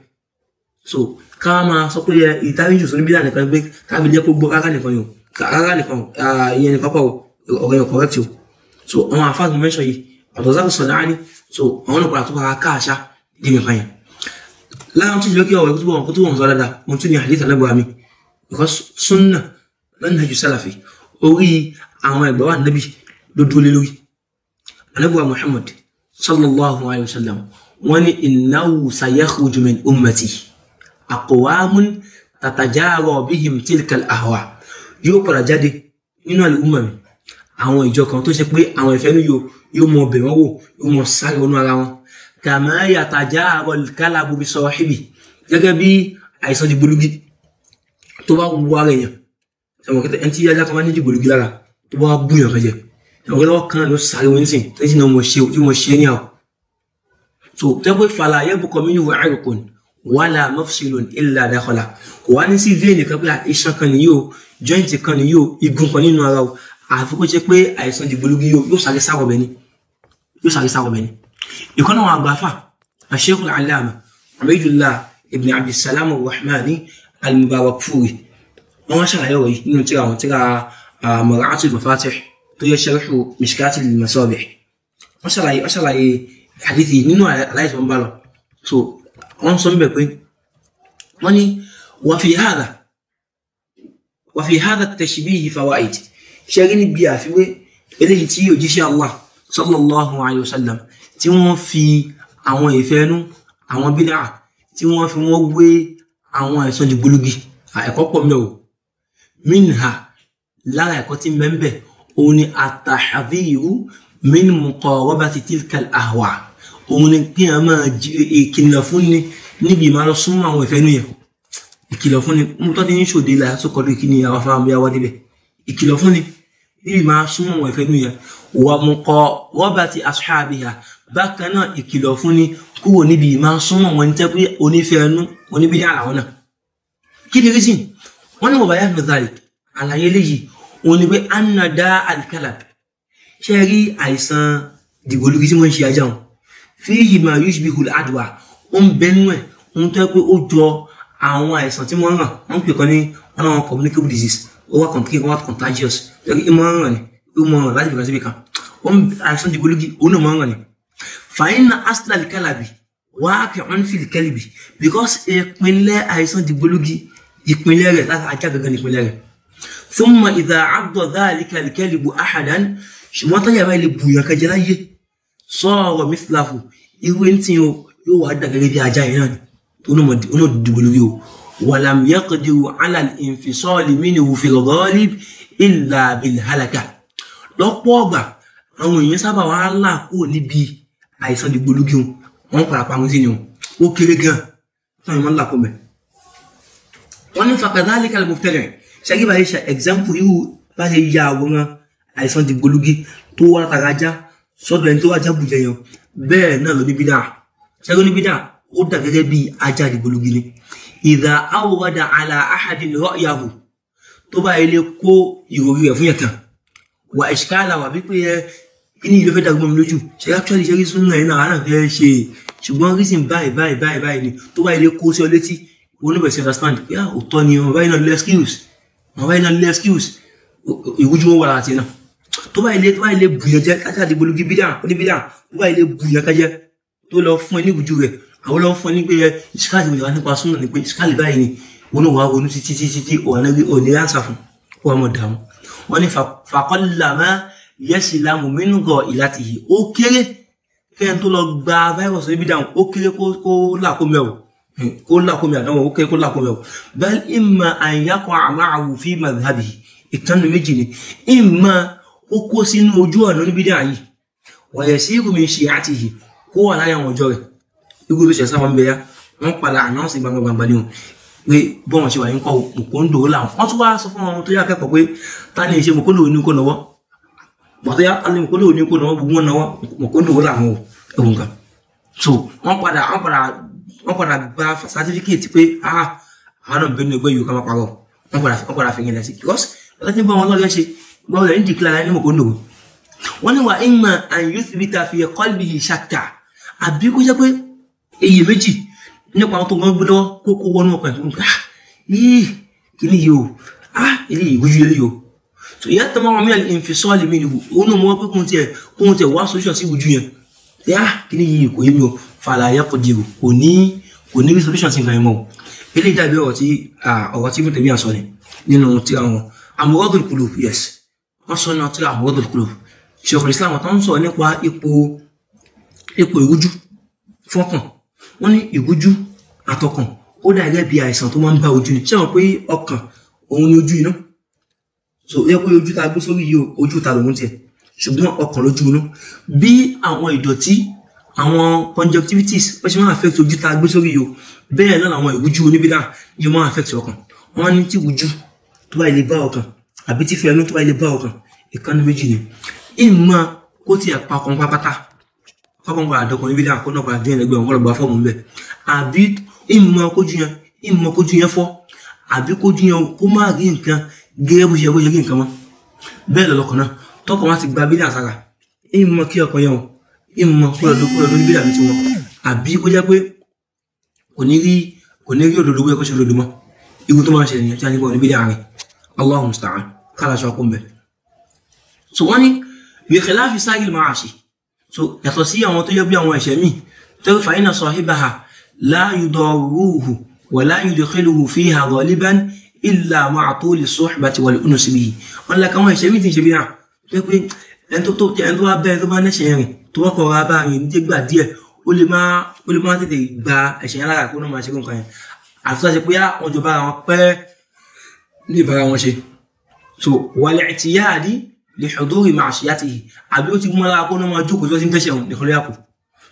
so ká máa sọ pé ìtàríjù sórí bílà nìkan pé káàbí jẹ́ kó gbọ́ rárá nìkan yòó rárá nìkan ìyẹn nìkan kọ̀ ọ̀rẹ́ yẹn correct o so àwọn àfáàsì mo mẹ́sàn yìí ọ̀dọ̀ sáà sọ̀rọ̀ á ní so àwọn náà padà tó kára káàṣá dé mi fàyàn lára tó ti lọ́kì ọ̀rẹ́ kó tó wọ̀n kó tó wọ̀n sọ dáadáa mo tún ní hadith alábọ̀ mi because sunna manhaju salafi orí àwọn ẹ̀gbọ́n wa nabi ló dúró lé lórí alábọ̀ Muhammad sallallahu alayhi wa sallam wọ́n ní innahu sayakhruju min ummati aqwamun tatajara bihim tilkal ahwa yóò padà jáde nínú àlùmọ̀ mi àwọn ìjọ kan tó ṣe pé àwọn ìfẹ́ nu yóò yóò mọ bẹ̀ wọ́n wò yóò mọ sáré wọnú ara wọn kama yatajara al-kalabu bi sahibi gẹ́gẹ́ bí àìsàn dìgbòlugi tó bá wù ara èèyàn ẹ̀wọ̀n kẹta ẹni tí yájá kan bá ní dìgbòlugi lára tó bá bù yàn kẹjẹ ẹ̀wọ̀n kẹta wọn kan ló sáré wọn nísìn tó ń ṣe náà mo ṣe ní àwọn so tẹ́gbẹ́ fàlà yẹ́bùkọ́ mi yíwọ àìrùkùn wàhálà mọ́fṣìlùn ìlà àdàkọ́là kò wá ní sí vein kan pé iṣan kan nìyí o joint kan nìyí o igun kan nínú ara o àfi kó jẹ́ pé àìsàn dìgbòlugi yóò yóò sáré sáwọ̀ bẹ́ni yóò sáré sáwọ̀ bẹ́ni ìkọ́nà àwọn àgbàfà àṣẹ́kùn aláàmà Ubaydullah ibn abdulsalam rahmani al-Mubarakfuri wọn ṣàlàyé ọ̀rọ̀ yìí nínú tíra àwọn tíra Mar'atul Mafatih tó yẹ sharhu Mishkatil Masabih wọn ṣàlàyé àdìsí nínú aláìsàn ń bá lọ so wọ́n sọ níbẹ̀ pé wọ́n ní wàfi hàdà wàfi hàdà tashbihi fawaid ṣe rí níbi àfiwé eléyìí tí òjíṣẹ́ Allah sallallahu alayhi wa sallam tí wọ́n fi àwọn ìfẹ́nú àwọn bídà tí wọ́n fi wọ́n gbé àwọn ẹ̀sán dìgbòlugi ẹ̀kọ́ pọ̀ mẹ́ o minha lára ẹ̀kọ́ tí mẹ́ńbẹ̀ òun ni àtàhàvíyù min muqawabati tilka al-ahwa òun ni kí a ìkìlọ̀ fún ni níbi ìmọ̀ súnmọ́ àwọn ìfẹ́ nìyẹn ìkìlọ̀ fún ni mo tọ́ ti ń ṣòde la sọ́kọ́dọ̀ kí ni àwọn afárá bóyá wá débẹ̀ ìkìlọ̀ fún ni níbi ìmọ̀ súnmọ́ àwọn ìfẹ́ nìyẹn wà mú kọ́ rọ́bà ti ashabiha bákan náà ìkìlọ̀ fún ni kúrò níbi ìmọ̀ súnmọ́ àwọn tẹ́ pé onífẹ́ ẹnu oníbí yàrá wọn náà fíyì máa yóò ṣubí hulẹ̀ àdùá ó ń bẹ nú ẹ̀ ohun tó yẹ pé ó jọ àwọn àìsàn tí wọ́n ràn wọ́n ń pè kọ́ ní one on communicable disease ó wà communicable ó wà contagious ó yẹ kí ó máa ń ràn ní ó máa ń ràn láti bìkan síbi kan àìsàn dìgbòlógì òun náà máa ń ràn ní. fàyínà astral kalabi wáàkì ọ̀nfìl kẹlìbì because ìpínlẹ̀ àìsàn dìgbòlógì ìpínlẹ̀ rẹ̀ láti ajá gangan ìpínlẹ̀ rẹ̀ thumma ìdá àgbọ̀dá àlìkàlìkẹ́lìbù àhàdán ṣùgbọ́n tó yàrá ilé bùyàn kẹjẹ láyé sọ̀rọ̀ mísìláfù irú ẹni tí yóò wá dà gẹ́gẹ́ bí ajá yìí náà olódìdìgbò lórí o wàlàm yaqdiru ala al-infisali minhu fil ghalib illa bil halaka lọ́pọ̀ ọgbà àwọn èèyàn sábà wà á là kúrò níbi àìsàn dìgbòlógì wọn wọn padà pa wọn sí ni ó kéré gan táwọn èèyàn là kó mẹ. wọn ní fakadhalika al-mubtadi' ṣẹ́gi bá yẹ ṣe example irú bá ṣe ya àwòrán àìsàn dìgbòlógì tó wà látara ajá sọ́dọ̀ ẹni tó wá jábùjẹ yan bẹ́ẹ̀ náà ló ní bídà ṣẹ́gun ní bídà ó dà gẹ́gẹ́ bí ajá ìdìbòlógi ni ìdá awwada ala ahadin ra'yahu tó bá ilé kó ìròrí rẹ̀ fún yẹn kan wà ìṣkáàlà wà wípé ẹ kí ni ìlú fẹ́ dàgbọ́n mi lójú ṣe actually ṣe rí súnmọ́ ẹ̀ náà àrùn fẹ́ ṣe ṣùgbọ́n reason báyìí báyìí báyìí báyìí ni tó bá ilé kó sí ọ létí oníbẹ̀ sí understand pé òótọ́ ni ọ̀rọ̀ báyìí náà lé excuse ọ̀rọ̀ báyìí náà lé excuse ìwújú wọn wà láti náà tó bá ilé tó bá ilé bùyàn jẹ káṣá àdìgbò lu bídà oníbídà tó bá ilé bùyàn kájẹ tó lọ fún ẹ ní ìwújú rẹ àwọn lọ fún ẹ ní pé ẹ ìṣíkàlì wà nípa súnà ní pé ìṣíkàlì báyìí ni wọn wà ronú títí títí tí òní ránṣà fún wọn mọ dààmú wọn ní fàkọlà má yẹsì lámù mínú gọ ìlàtì yìí ó kéré kẹ́hìn tó lọ gba fáírọ̀sì níbi ó kéré kó làkómi ọ̀hún kó làkómi àdánwò kó kó sínú ojú ọ̀nà oníbídà yìí wọ̀nyẹ̀ sí ìrùmí ṣe àti yìí kó wà láyé àwọn ọjọ́ rẹ̀ irú bí ṣẹ̀ṣẹ̀ wọn bẹ̀yà wọn padà ànáǹsì gbangbangba ni o pé bọ́wọ̀n ṣe wà ní kọ́ mòkóńdò làwọn wọ́n tún wá sọ fún wọn tó yà kẹ́kọ̀ọ́ pé ta ni ìṣe mòkóńdò ní kó lọ́wọ́ bọ̀tọ́ yà ta ni mòkóńdò ní kó lọ́wọ́ gbogbo wọn lọ́wọ́ mòkóńdò làwọn ẹ̀wùn kan so wọ́n padà wọ́n padà wọ́n padà gba sátífíkẹ́ẹ̀tì pé ah àwọn náà bẹ́ẹ̀ ni ẹgbẹ́ yìí ká má parọ́ wọ́n padà fi yẹn lẹ́sìn because ọ̀tá ti ń báwo lẹ́yìn declare ní mọ̀kó nìyó wọ́n ní wà á ìmọ̀ an yuthbita fi qalbihi shakka àbí kó jẹ́ pé èyí méjì nípa àwọn tó ń gbé lọ́wọ́ kó kó wọnú ọkọ̀ ẹ̀ nípa ah, yìí kìíní yìí o ah eléyìí ìwújú eléyìí o so ìyá tẹmọ ọmọ mi àlè ìfisọ́ọ̀lì mi nìyó òun náà mo wá pé kóun tiẹ̀ kóun tiẹ̀ wá solution sí ìwújú yẹn yá ah, kìíní yìí kò yé mi o fàlàyé kò di o kò ní kò ní solution sí nǹkan yẹn mọ́ o eléyìí dàbí ọ̀rọ̀ tí ọ̀rọ̀ tí mo tẹ̀lé àsọ ni nínú tí àwọn amúgọ́dùn kùlù yes wọ́n sọ náà tíra àwọn ọdún kúlò ṣèkùn islam tó ń sọ nípa ipò ipò ìrújú fọkàn wọ́n ní ìrújú àtọkàn ó dà gẹ́gẹ́ bí àìsàn tó máa ń bá ojú ni ṣé wọn pé ọkàn òun ni ojú iná so yẹ pé ojú ta gbé sórí yìí ojú ta lòun tiẹ̀ ṣùgbọ́n ọkàn lójú iná bí àwọn ìdọ̀tí àwọn conjunctivitis wọ́n ṣe máa affect ojú ta gbé sórí yìí bẹ́ẹ̀ náà àwọn ìrújú oníbídà yóò máa affect ọkàn wọ́n ní tí ìrújú tó bá ilé bá ọkàn àbí tí fẹ́ ẹnu tó bá ilé bá ọkàn ìkànnì méjì ni ìmọ̀ kó ti ẹ̀ pa ọkàn pápátá fọ́pọ̀ ń gba àdọ́kùnrin bí dáa kó náà padà dín ẹgbẹ́ ọ̀hún ọ̀gbà fọ́ọ̀mù bẹ́ẹ̀ àbí ìmọ̀ kójú yẹn ìmọ̀ kójú yẹn fọ́ àbí kójú yẹn kó má rí nǹkan gẹ́gẹ́ bó ṣe bó ṣe rí nǹkan mọ́ bẹ́ẹ̀ lọ́lọ́kàn náà tọkọ̀ wọn ti gba bí dáa sára ìmọ̀ kí ọkàn yẹn o ìmọ̀ kó lọ́dún kó lọ́dún bí dáa ti wọn àbí kó jẹ́ pé kò ní rí òdodo bó yẹ kó ṣe òdodo mọ́ irun tó máa ń ṣẹlẹ̀ yẹn ní kó kálàṣọ akóńbẹ so wọn ní wíkẹ láfi sáyìlì máa ṣe so yàtọ̀ sí àwọn tó yẹ bí àwọn ẹ̀ṣẹ̀ míì tó fà iná sọ híbàhà láyùdọ rúhù wà láyùdọ kílùhù fi hàgọ líbán ìlà máa tó lè sọ àbàtì wà lónà síbi yìí wọn làkà àwọn ẹ̀ṣẹ̀ míì ti ń ṣe bí hàn tó pé ẹni tó tó ẹni tó bá bẹ ẹni tó bá nẹṣẹ tó wọkọ ra bá rìn ní gbà díẹ̀ ó lè má ó lè má tètè gba ẹ̀ṣẹ̀ yẹn kó náà máa ṣe kó nǹkan yẹn àtúntà ṣe pé wọn jọba àwọn pẹ́ ní ìbára wọn ṣe so wàlẹ̀ ti yá àdí lè ṣọdúrì máa ṣe yàtì yìí àbí ó ti mú ara kó náà máa jókòó tí wọ́n ti ń dẹ́ṣẹ̀ òun nìkan lóyàkù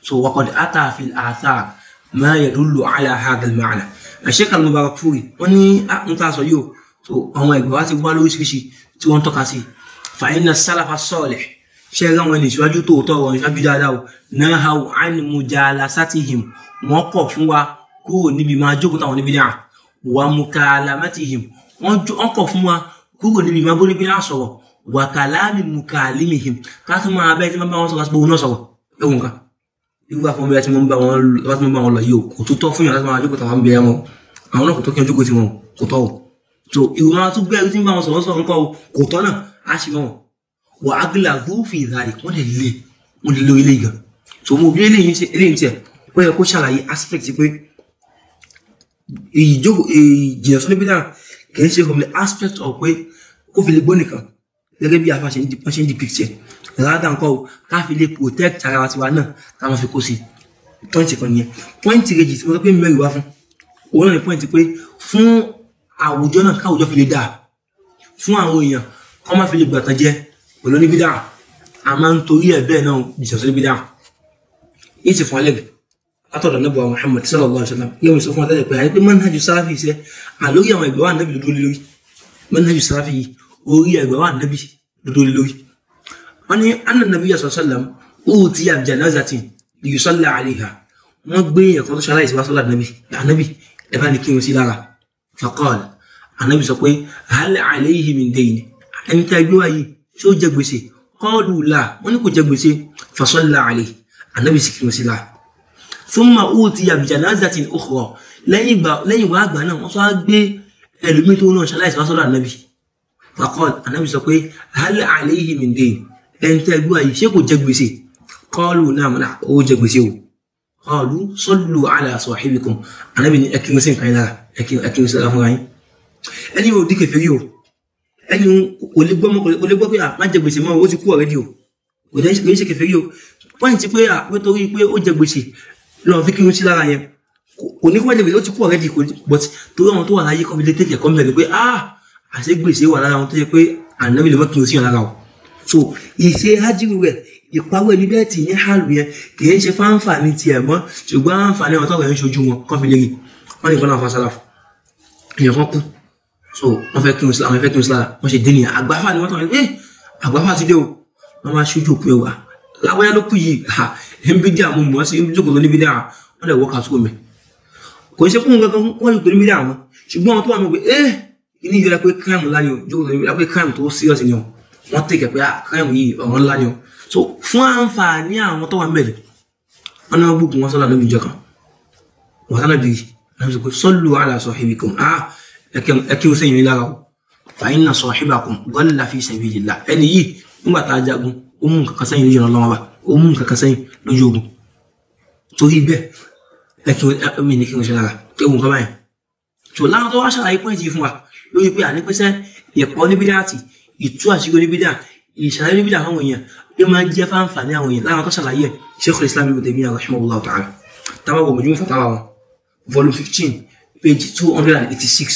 so wakọ̀dì àtàfi àtà máa yẹ lólo àlà hàgàl mààlà ẹ̀ṣẹ́ kan ló bá fúri wọ́n ní ń ah, ta sọ yóò so àwọn ẹgbẹ́ wa ti wá lóríṣiríṣi tí wọ́n tọ́ka sí fàyínà sálàfà sọ̀lẹ̀ ṣe ra wọn lè ṣíwájú tòótọ́ wọn ṣáájú dáadáa o náà ha wọn á ní mo jà lásátìhìm wọn kọ̀ fún wa kúrò níbi máa jókòó táwọn níbi náà wà mú ká lámátìhìm wọn kọ̀ fún wa kúrò níbi ìmọ̀ bó ní bí lásọ̀rọ̀ wà kàlámì mukalimihim ká tún máa bẹ́ẹ̀ tí wọ́n bá wọn sọ̀rọ̀ sí òun náà sọ̀rọ̀ ẹ̀wọ̀n kan irú àfọ̀n bẹ́ẹ̀ tí wọ́n bá wọn lọ yìí o kò tó tọ́ fún yàrá tí wọ́n ajókòó tàwọn bẹ̀rẹ̀ wọn àwọn náà kò tọ́ kí wọ́n jókòó tiwọn kò tọ́ o so irú wọn tún bẹ́ẹ̀ tí wọ́n bá wọn sọ̀rọ̀ sọ̀rọ̀ nǹkan o kò tọ́ náà á sì wọn wà á gbé làgófin ìdáre wọ́n lè lè wọ́n lè lo ilé yìí gan so mo bí eléyìí ń ṣe eléyìí ń ṣe ó yẹ kó kì í ṣe from the aspect of pé kó fi lè gbọ́ nìkan gẹ́gẹ́ bí afa ṣe ń di picture rather nǹkan o ká fi lè protect ara wa tiwa náà ká máa fi kó sí point kan nìyẹn point kejì tí mo sọ pé mẹ́rin wá fún òun náà ni point pé fún àwùjọ náà káwùjọ fi lè dáa fún àwọn èèyàn kọ́ máa fi lè gbàtàn jẹ pẹ̀lú oníbídà a máa ń torí ẹ̀ bẹ́ẹ̀ náà jìṣọ́ sí oníbídà yìí sì fún alẹ́ bẹ́ẹ̀ látọ̀dọ̀ nàbọ̀ Muhammad sallallahu alaihi wasallam yẹ́n mi sọ fún wa tẹ́lẹ̀ pé àyẹ́ pé manhaju salafi ṣe àlórí àwọn ìgbà wà nàbì dúdú lórí manhaju salafi orí ìgbà wà nàbì dúdú lórí. wọ́n ní anna nabiyya sallallahu alaihi wasallam ó ti yà janazatin yusalla alaiha wọ́n gbé ẹ̀kọ́ tó ṣaláì sí wa sọ́lá nàbì ànàbì ẹ̀ bá ní kí n sí lára faqal ànàbì sọ pé hal alayhi min dayn ẹni tá a gbé wáyé ṣó jẹ gbèsè qalu la wọ́n ní kò jẹ gbèsè fasalla alaihi ànàbì sì kí n sí lára súnmọ́ owó ti yàbìjà lázàtì òkò lẹ́yìn ìwà àgbà náà wọ́n sọ á gbé ẹlòmíì tó náà ṣaláìsí wá sọ́dọ̀ ànábì fakọ́l ànábì sọ pé hàlẹ́ àlẹ́ yìí mi dé ẹ̀ǹtẹ́ ẹgbẹ́ ayé ṣé kò jẹ gbèsè kọ́ọ̀lù náà mọ́nà owó jẹ gbèsè o kọ́ọ̀lù sọ́lù àlẹ́ àṣọ àhíbìkùn ànábì ní ẹkí wọ́sẹ̀ nǹkan lára ẹkí lọ fi kírun sí lára yẹn kò ní kó mẹ́tẹ̀ẹ̀mí ó ti kú ọ̀rẹ́dì kò but torí àwọn tó wà láyé kan fi lè tẹ̀kẹ̀ kọ́ mílẹ̀ pé ah àṣẹ gbèsè wà lára wọn tó yẹ pé ànábì lè mọ́ kírun sí yàn lára o so ìṣe ájírù rẹ̀ ìpawọ́ ẹni bẹ́ẹ̀ tì ní hàlù yẹn kì í ṣe fáǹfààní tiẹ̀ mọ́ ṣùgbọ́n àǹfààní àwọn tọkọ̀ yẹn ń ṣojú wọn kọ́ fi lè rí wọ́n nìkan náà fa sálàfù èèyàn kan kú so wọ́n fẹ́ kírun sílára wọ́n fẹ́ kírun sílára wọ́n ṣe dé nìyẹn àgbáfà ni wọ́n tọ̀ ẹ́ eh, àgbáfà ti dé o wọ́n máa ṣojú òkú ẹ̀ wá láwọ́yá ló kú yìí ẹnbídíà mo mọ̀ sí jókòó tó níbídíà wọ́n lè wọ́ kàtúkò mi kò ń ṣe fún nǹkan kan wọ́n lè tó níbídíà wọn ṣùgbọ́n àwọn tó wà mọ̀ pé ẹ́ ní ìlera pé crime ńlá ni o jókòó tó níbídíà pé crime tó serious ni o wọ́n tẹ̀kẹ̀ pé crime yìí ọ̀rọ̀ ńlá ni o so fún àǹfààní àwọn tó wà mẹ́lẹ̀ wọn náà gbùgbùn wọn sọ́lá lóbi ìjọkan wọ́n sọ́lá bí wọ́n sọ pé sọ́lù àlà sahibikum ah ẹkẹ́ ó sẹ́yìn lára o fa inna sahibakum gọ́lá fi sabilillah ẹni yìí nígbà tá a jagun ó mú nǹkan kan sẹ́yìn lójú ọ̀nà lọ́wọ́ bá ó mú nǹkan kan sẹ́yìn lójú ogun torí bẹ́ẹ̀ lẹ́kìn mi ní kí n ṣe lára kí òun kan báyìí tó láwọn tó wá ṣàlàyé pọ́ìntì fún wa lórí pé ànípẹ́sẹ́ ìpọ́ níbi dáàtì ìtú àṣírí níbi dáà ìṣàlàyé níbi dáà fáwọn èèyàn bí máa ń jẹ́ fáǹfààní àwọn èèyàn láwọn tó ṣàlàyé Sheikhul Islam Ibn Taymiyyah rahimahullah ta'ala táwọn wò mọ̀jú fàtàwà wọn volume fifteen page two hundred and eighty six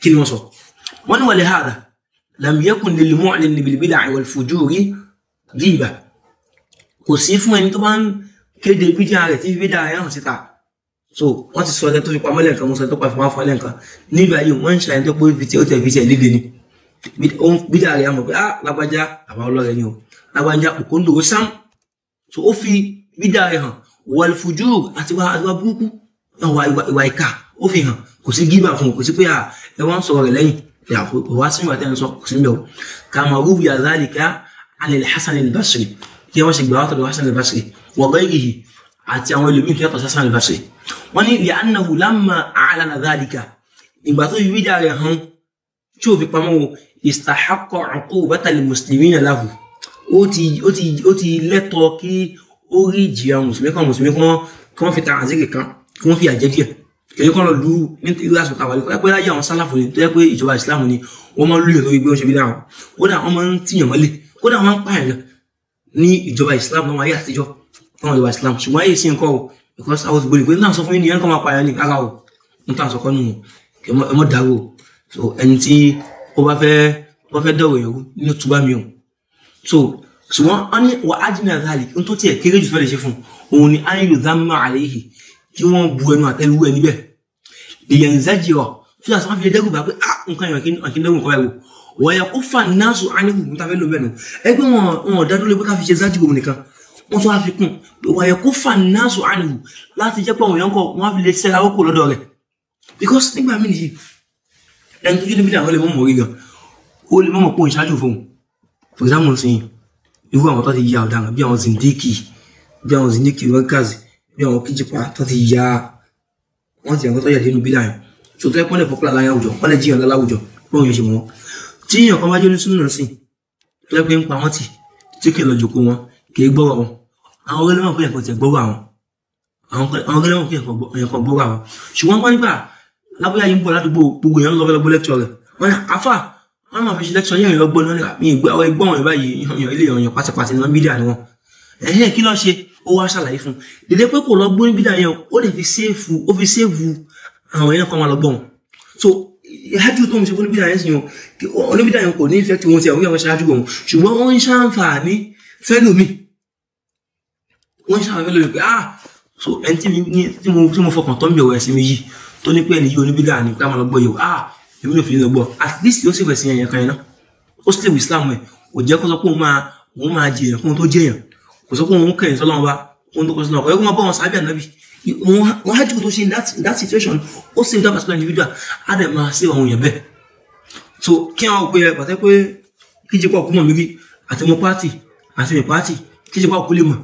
kí ni wọ́n sọ wọ́n ní wa li hadha lam yakun lil mu'lin bil bid'ah wal fujuri ghiba kò sí fún ẹni tó bá ń kéde bídíà rẹ̀ tí bídíà rẹ̀ hàn síta so wọ́n ti sọ ẹni tó fi pamọ́ lẹ́ǹkan wọ́n sọ ẹni tó pàfipá fún lẹ́ǹkan níbi ayé wọ́n ń ṣe àyẹ̀tọ́ pé fi tí ó tẹ̀ fi tiẹ̀ líle ni bídíà rẹ̀ àmọ̀ pé ah lágbájá àbá ọlọ́rẹ̀ ni o lágbájá òkòńdò ó sám so ó fi bídíà rẹ̀ hàn wàlùfùjú àti wà burúkú ìwà ìka ó fi hàn kò sí gíbà fún kò sí pé à ah, ẹ wá ń sọ̀rọ̀ rẹ̀ lẹ́yìn ìyàwó ìwà sínú àtẹnusọ kò sí ń bẹ̀ o kàmá rúbi àzálìkà alẹ́ hasan basri kí wọ́n ṣe gbà wá tọ̀dọ̀ hasan al-basri wa ghayrihi àti àwọn ẹlòmíì tó yàtọ̀ sí hasan al-basri wọ́n ní li'annahu lamma a'lana dhalika ìgbà tó yíwí dáa rẹ̀ hàn tí ò fi pamọ́ o istahaqqa uqubata al-muslimina lahu ó ti ó ti ó ti lẹ́tọ̀ọ́ kí ó rí ìjìyà mùsùlùmí kan mùsùlùmí kan kí wọ́n fi ta àzíkì kan kí wọ́n fi àjẹ́ díẹ̀ èyí kan lọ lu ní irú àsùn kàwálé kọ́ láyé àwọn sálàfò ni tó yẹ pé ìjọba ìsìlámù ni wọ́n máa ń lùyàn lórí gbé wọn bí dáhùn kódà wọ́n máa ń tìyàn mọ́lẹ̀ kódà wọ́n máa ń pààyàn ní ìjọba islam náà ayé àtijọ́ fáwọn ìjọba islam ṣùgbọ́n ayé sí nǹkan o because i was gbòdì pé náà sọ fún mi nìyẹn kọ́ máa pààyàn ní ara o n tàn sọkọ́ nù ẹ mọ́ dàrú o so ẹni tí ó bá fẹ́ ó bá fẹ́ dẹ̀wọ̀ yẹ̀wò ní túbá mi o so ṣùgbọ́n wọ́n ní wà á jìnnà gáàlì n tó tiẹ̀ kéré jù fẹ́rẹ̀ ṣe fún òun ni áyìnlò dámà àlẹ́yìí kí wọ́n bu ẹnu àtẹ́lú ẹ níbẹ̀ ìyẹn ń zẹ́jì ọ fíjàsán fi lè dẹ́rù bá pé ah nǹkan ìwọ̀n kí ń dẹ́rù nǹkan báyìí wọ̀yà kó fà náàsù ánìhù mítàfẹ́ ló bẹ̀rẹ̀ ẹgbẹ́ wọn wọn dádúró lé pé ká fi ṣe zájìgbò nìkan wọ́n tún wá fi kún wọ̀yà kó fà náàsù ánìhù láti jẹ́ pé àwọn èèyàn kọ wọ́n á fi lè ṣe ara kó lọ́dọ̀ rẹ̀ because nígbà mí nìyí ẹni tó jẹ́ níbi àwọn ẹlẹ́mọ̀ mọ̀rí gan ó lè mọ̀mọ̀ pọ̀ ìṣáájú fún for example sìn irú àwọn tó ti ya ọ̀daràn bí àwọn zindiki bí àwọn zindiki rọ́kàzì bí àwọn kíjìpá tó ti ya wọ́n ti tí èèyàn kan bá jẹ́ onísúnà sí ló pé ń pa wọ́n tì tí kì í lọ jòkó wọn kì í gbọ́rọ̀ wọn àwọn ọgẹ́lẹ́ mọ̀ ẹ̀kọ́ tẹ̀ gbọ́rọ̀ àwọn àwọn ọgẹ́lẹ́ mọ̀ ẹ̀kọ́ gbọ́rọ̀ àwọn ṣùgbọ́n wọ́n nígbà lábúyá yìí ń bọ̀ ládùúgbò gbogbo èèyàn lọ́wọ́ lọ́gbọ́ lẹ́kítọ̀ rẹ̀ wọ́n ní àfà wọ́n máa fi ṣe lẹ́kítọ̀ yẹn lọ́gbọ́n náà ìhájú tó ń ṣe fún oníbídà yẹn sì yàn oníbídà yẹn kò ní ìfẹ́ tí wọ́n ti àwọn ìyàwó ṣáájú òun ṣùgbọ́n wọ́n ń ṣàǹfààní fẹ́lòmí wọ́n ń ṣàǹfààní fẹ́lòmí pé ah so ẹni tí mo tí mo fọkàn tán mi ọ̀wọ́ ẹ̀sìn mi yìí tó ní pé ẹni yìí oníbídà ni ká máa lọ gbọ́ yìí ah èmi ò fi lọ gbọ́ at least ó sì fẹ̀ sí ẹ̀yàn kan yẹn náà ó sì lè wù Islam ẹ̀ kò jẹ́ kó sọ pé òun máa òun máa jẹyàn kóun tó jẹyàn kò sọ pé òun kẹ̀yìn sọ́lọ́run wa òun tó kọ́ sọ́lọ́run ọ̀yọ́ kó máa bọ́ wọn sábẹ́ ànábì wọn hajj tó ṣe in that in that situation ó save that particular individual á dẹ̀ máa save àwọn èèyàn bẹ́ẹ̀ so kí àwọn òpè pàtẹ́ pé kí jẹ́ pọ̀ kú mọ̀ mí rí àti ọmọ pátì àti ọmọ pátì kí jẹ́ pọ̀ kú lè mọ̀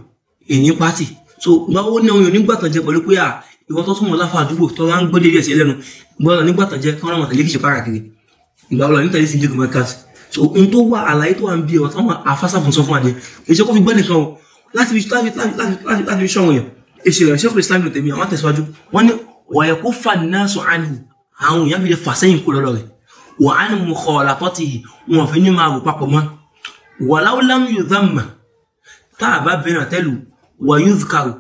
èyí pátì so báwo ni àwọn èèyàn nígbà tán jẹ pẹ̀lú pé à ìwọ tó túnmọ̀ láfa àdúgbò tó wá ń gbọ́ dédé ẹ̀sẹ̀ lẹ́nu gbọ́dọ̀ nígbà tán jẹ kọ́nà màtàlẹ́ kìí ṣe para kiri ìgbà wọlọ níta yìí sì ń jẹ́ gbọ́n káàsì so ohun tó wà àlàyé tó wà ń bí ọ̀ táwọn afásàfún sọ fún adé kì í ṣe kó fi gbẹ́ nìkan o láti fi láti fi láti fi láti fi ṣọ́ àwọn èèyàn ìṣẹ̀lẹ̀ ṣẹ́kùn islam ló tẹ̀mí àwọn tẹ̀síwájú wọ́n ní wọ̀nyẹ kó fà náà sọ àánú àwọn èèyàn fi lè fà sẹ́yìn kó lọ́lọ́ rẹ̀ wọ́n á ní mo kọ́ ọ̀la tó ti wọn fi ní máa rò papọ̀ mọ́ wàláwó lámú yóò dá mà tá a bá bẹ̀rẹ̀ tẹ́lu wà yóò kàrò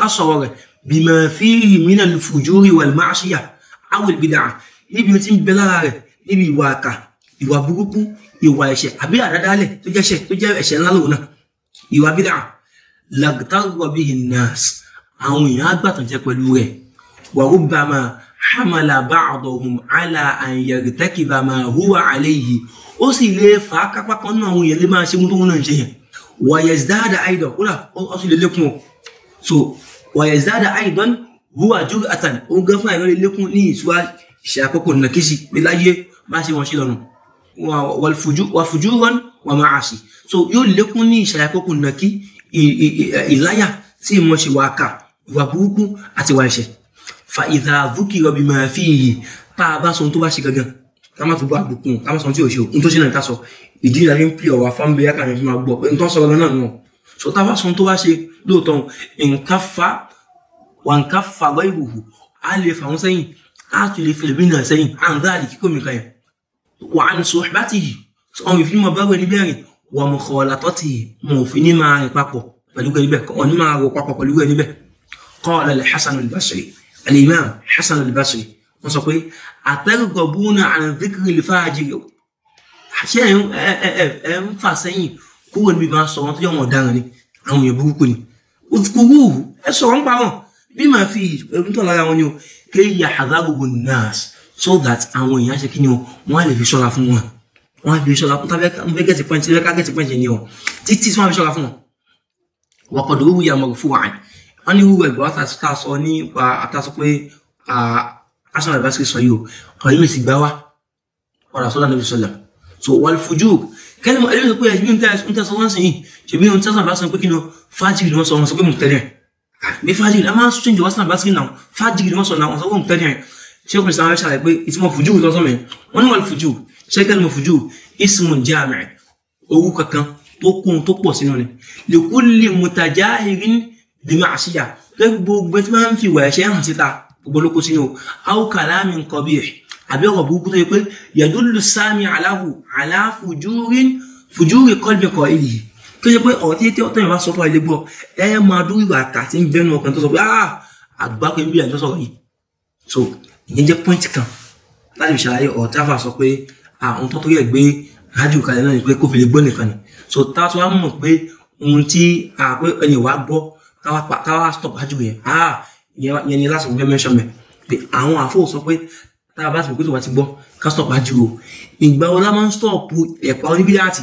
ká sọ̀rọ̀ rẹ̀ bìmọ̀ fi mìíràn ní fùjúrì wà má ṣíyà àwọn ìbílẹ̀ níbi lagtarwa bihi nas àwọn èèyàn agbàtànjẹ pẹ̀lú rẹ̀ wa rubbama hamala ba'dahum ala an yartakiba ma huwa alayhi ó sì lè fà á kápá kan náà àwọn èèyàn lè máa ṣe ohun tó náà ń ṣe yẹn wa yazdada aidan ó sì lè lékún o so wa yazdada aidan huwa jur'atan òun gan fún àìrọ́lẹ̀ lékún ní ìtura ìṣàkókò nàkísì pé láyé má ṣe wọn ṣe lọ́nà wàfujú wọn wàmáàṣì so yóò lékún ní ìṣàkókò nàkí ìláyà tí ìmọ̀ ṣe wà ká ìwà burúkú àti ìwà ẹ̀ṣẹ̀ fa ìdá àdúkì rọbì máa fi yìí tá a bá sọ ohun tó bá ṣe gangan ká má tún bá àbùkù ká má sọ ohun tí ò ṣe ohun tó ṣe náà ká sọ ìdí ìlànà ń pè ọ̀wà fáńbẹ́ yá kàrin fi máa gbọ́ pé nǹkan sọ̀rọ̀ náà nù sọ tá a bá sọ ohun tó bá ṣe lóòótọ́ nǹkan fa wà nǹkan fa gbọ́ ìhòhò á lè fà wọ́n sẹ́yìn á tún lè fẹlẹ̀ bínú sẹ́yìn à ń dáàlì kíkó mi kan yẹn wà á ní sọ bá wọ́n mọ̀ kọ́ látọ́tì wọn ò fi ní máa rìn papọ̀ pẹ̀lú gẹ̀ níbẹ̀ ọ̀ ní máa rò papọ̀ pẹ̀lú gẹ̀ níbẹ̀ qala li Hasan al-Basri al-Imam Hasan al-Basri wọ́n sọ pé atarghabuna an dhikri al-fajiri àṣẹ ẹ ń fà sẹ́yìn kúrò níbi máa sọ wọn tó yẹ ọ̀daràn ni àwọn èèyàn burúkú ni òkúrú ẹ sọ̀rọ̀ ń pa bí màá fi ẹ̀rù tó lára wọn ni o kéèyà àdágbogbo nas so that àwọn èèyàn ṣe kí ni wọn lè fi ṣọ́ra fún wọn wọ́n fi ṣọ́ra fún wọ́n fẹ́ gẹ̀ẹ́sì pọ́ǹtì wọ́n fẹ́ gẹ̀ẹ́sì pọ́ǹtì ni ọ títí tí wọ́n fi ṣọ́ra fún wọn. wọ́kọ̀dọ̀ wúwo ya mọ̀rọ̀ fún wa wọ́n ní wúwo ẹ̀gbọ́n tá a sọ nípa àtàsọ pé arsenal advisory sọ yìí o ọ̀rọ̀ yìí sì gbá wa ọ̀rọ̀ sọ́dọ̀ níbi sọ́lá so wọ́n fojú kẹ́lẹ́ mọ́ sọ pé kí ṣẹ́kẹ́lì mọ̀fújú ismun jami' owó kankan tó kún tó pọ̀ sínú ni li kulli mutajahirin bi ma'siyah pé gbogbo tí wọ́n fi wà ẹ̀ṣẹ̀ hàn síta gbogbo ló kó sínú aw kalamin qabih àbí ọ̀rọ̀ burúkú tó yẹ pé yadullu sami aláhu ala fujurin fujuri qalbi qaili tó yẹ pé ọ̀rọ̀ tí tí ọ̀tọ̀ yẹn bá sọ fún ilé gbọ́ ẹ máa dúró ìwà àtàtì ń bẹ́nu ọkàn tó sọ pé ah àgbákò ń bí àjọsọ̀rọ̀ yìí so ìyẹn jẹ́ pọ́ìntì kan láti fi ṣàlàyé ọ̀rọ̀ tí a fà sọ pé àwọn ah, tó torí ẹ̀ gbé rádìò kalẹ̀ náà ni pé kó fi lè gbọ́ nìkan ni so táwa tó wá mọ̀ pé ohun tí a pé ẹni wá gbọ́ táwa stop rádìò yẹn ah yẹn ni láti fẹ́ mẹ́sàn mẹ́ pé àwọn àfọwò sọ pé tá a bá ti mọ̀ pé tó wá ti gbọ́ ká stop rádìò ìgbà wo la máa ń stop ẹ̀pà oníbíláàtì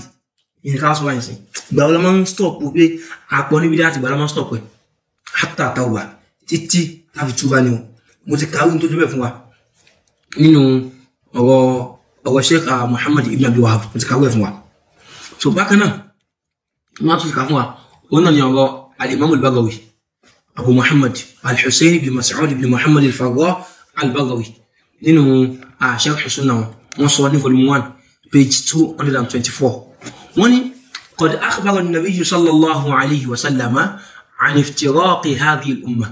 ìyẹn ká sọ wáyé sí ìgbà wo la máa ń stop pé àpò oníbíláàtì ìgbà la máa ń stop ẹ̀ áfítà táwa títí táfi túbà ni o mo ti kàwé ní tó jẹ́ bẹ́ẹ̀ fún wa nínú ọ̀rọ̀ ọwọ́ sheikh ah, muhammad ibn abdul wahab ti kàwé fún wa so bákan náà wọn tún ti kà fún wa wọn náà ní ọ̀rọ̀ al-imam al-bagawi abu muhammad al-hussein ibn mas'ud ibn muhammad al-farra al-bagawi nínú sheikh hussein náà wọn sọ ní volume one page two hundred and twenty-four wọn ni qad akhbara an-nabiy sallallahu alayhi wa sallama an iftiraqi umma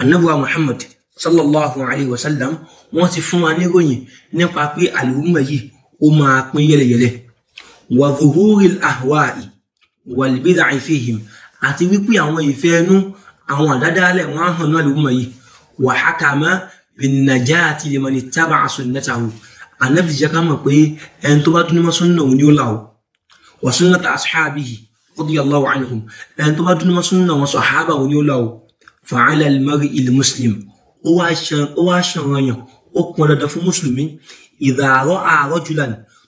annabuwa muhammad sallallahu alayhi wa sallam wọ́n ti fún wa níròyìn nípa pé àlùmọ̀ yìí ó máa pín yẹlẹyẹlẹ wa zuhuril ahwa'i wal bid'i fihim àti wípé àwọn ìfẹ́ ẹnu àwọn àdádálẹ̀ wọn á hàn ní àlùmọ̀ yìí wa hakama bin najati liman ittaba'a sunnatahu ànábì jẹ́ ká mọ̀ pé ẹni tó bá tún ní mọ́ súnà òun ni ó là ó wa sunnata ashabihi radiyallahu anhum ẹni tó bá tún ní mọ́ súnà wọn sahaba òun ni ó là fa'ala al-mar'i ó wá ṣọ̀ràn yàn ó pọn dandan fún mùsùlùmí ìdààrọ́ àárọ̀ jùlọ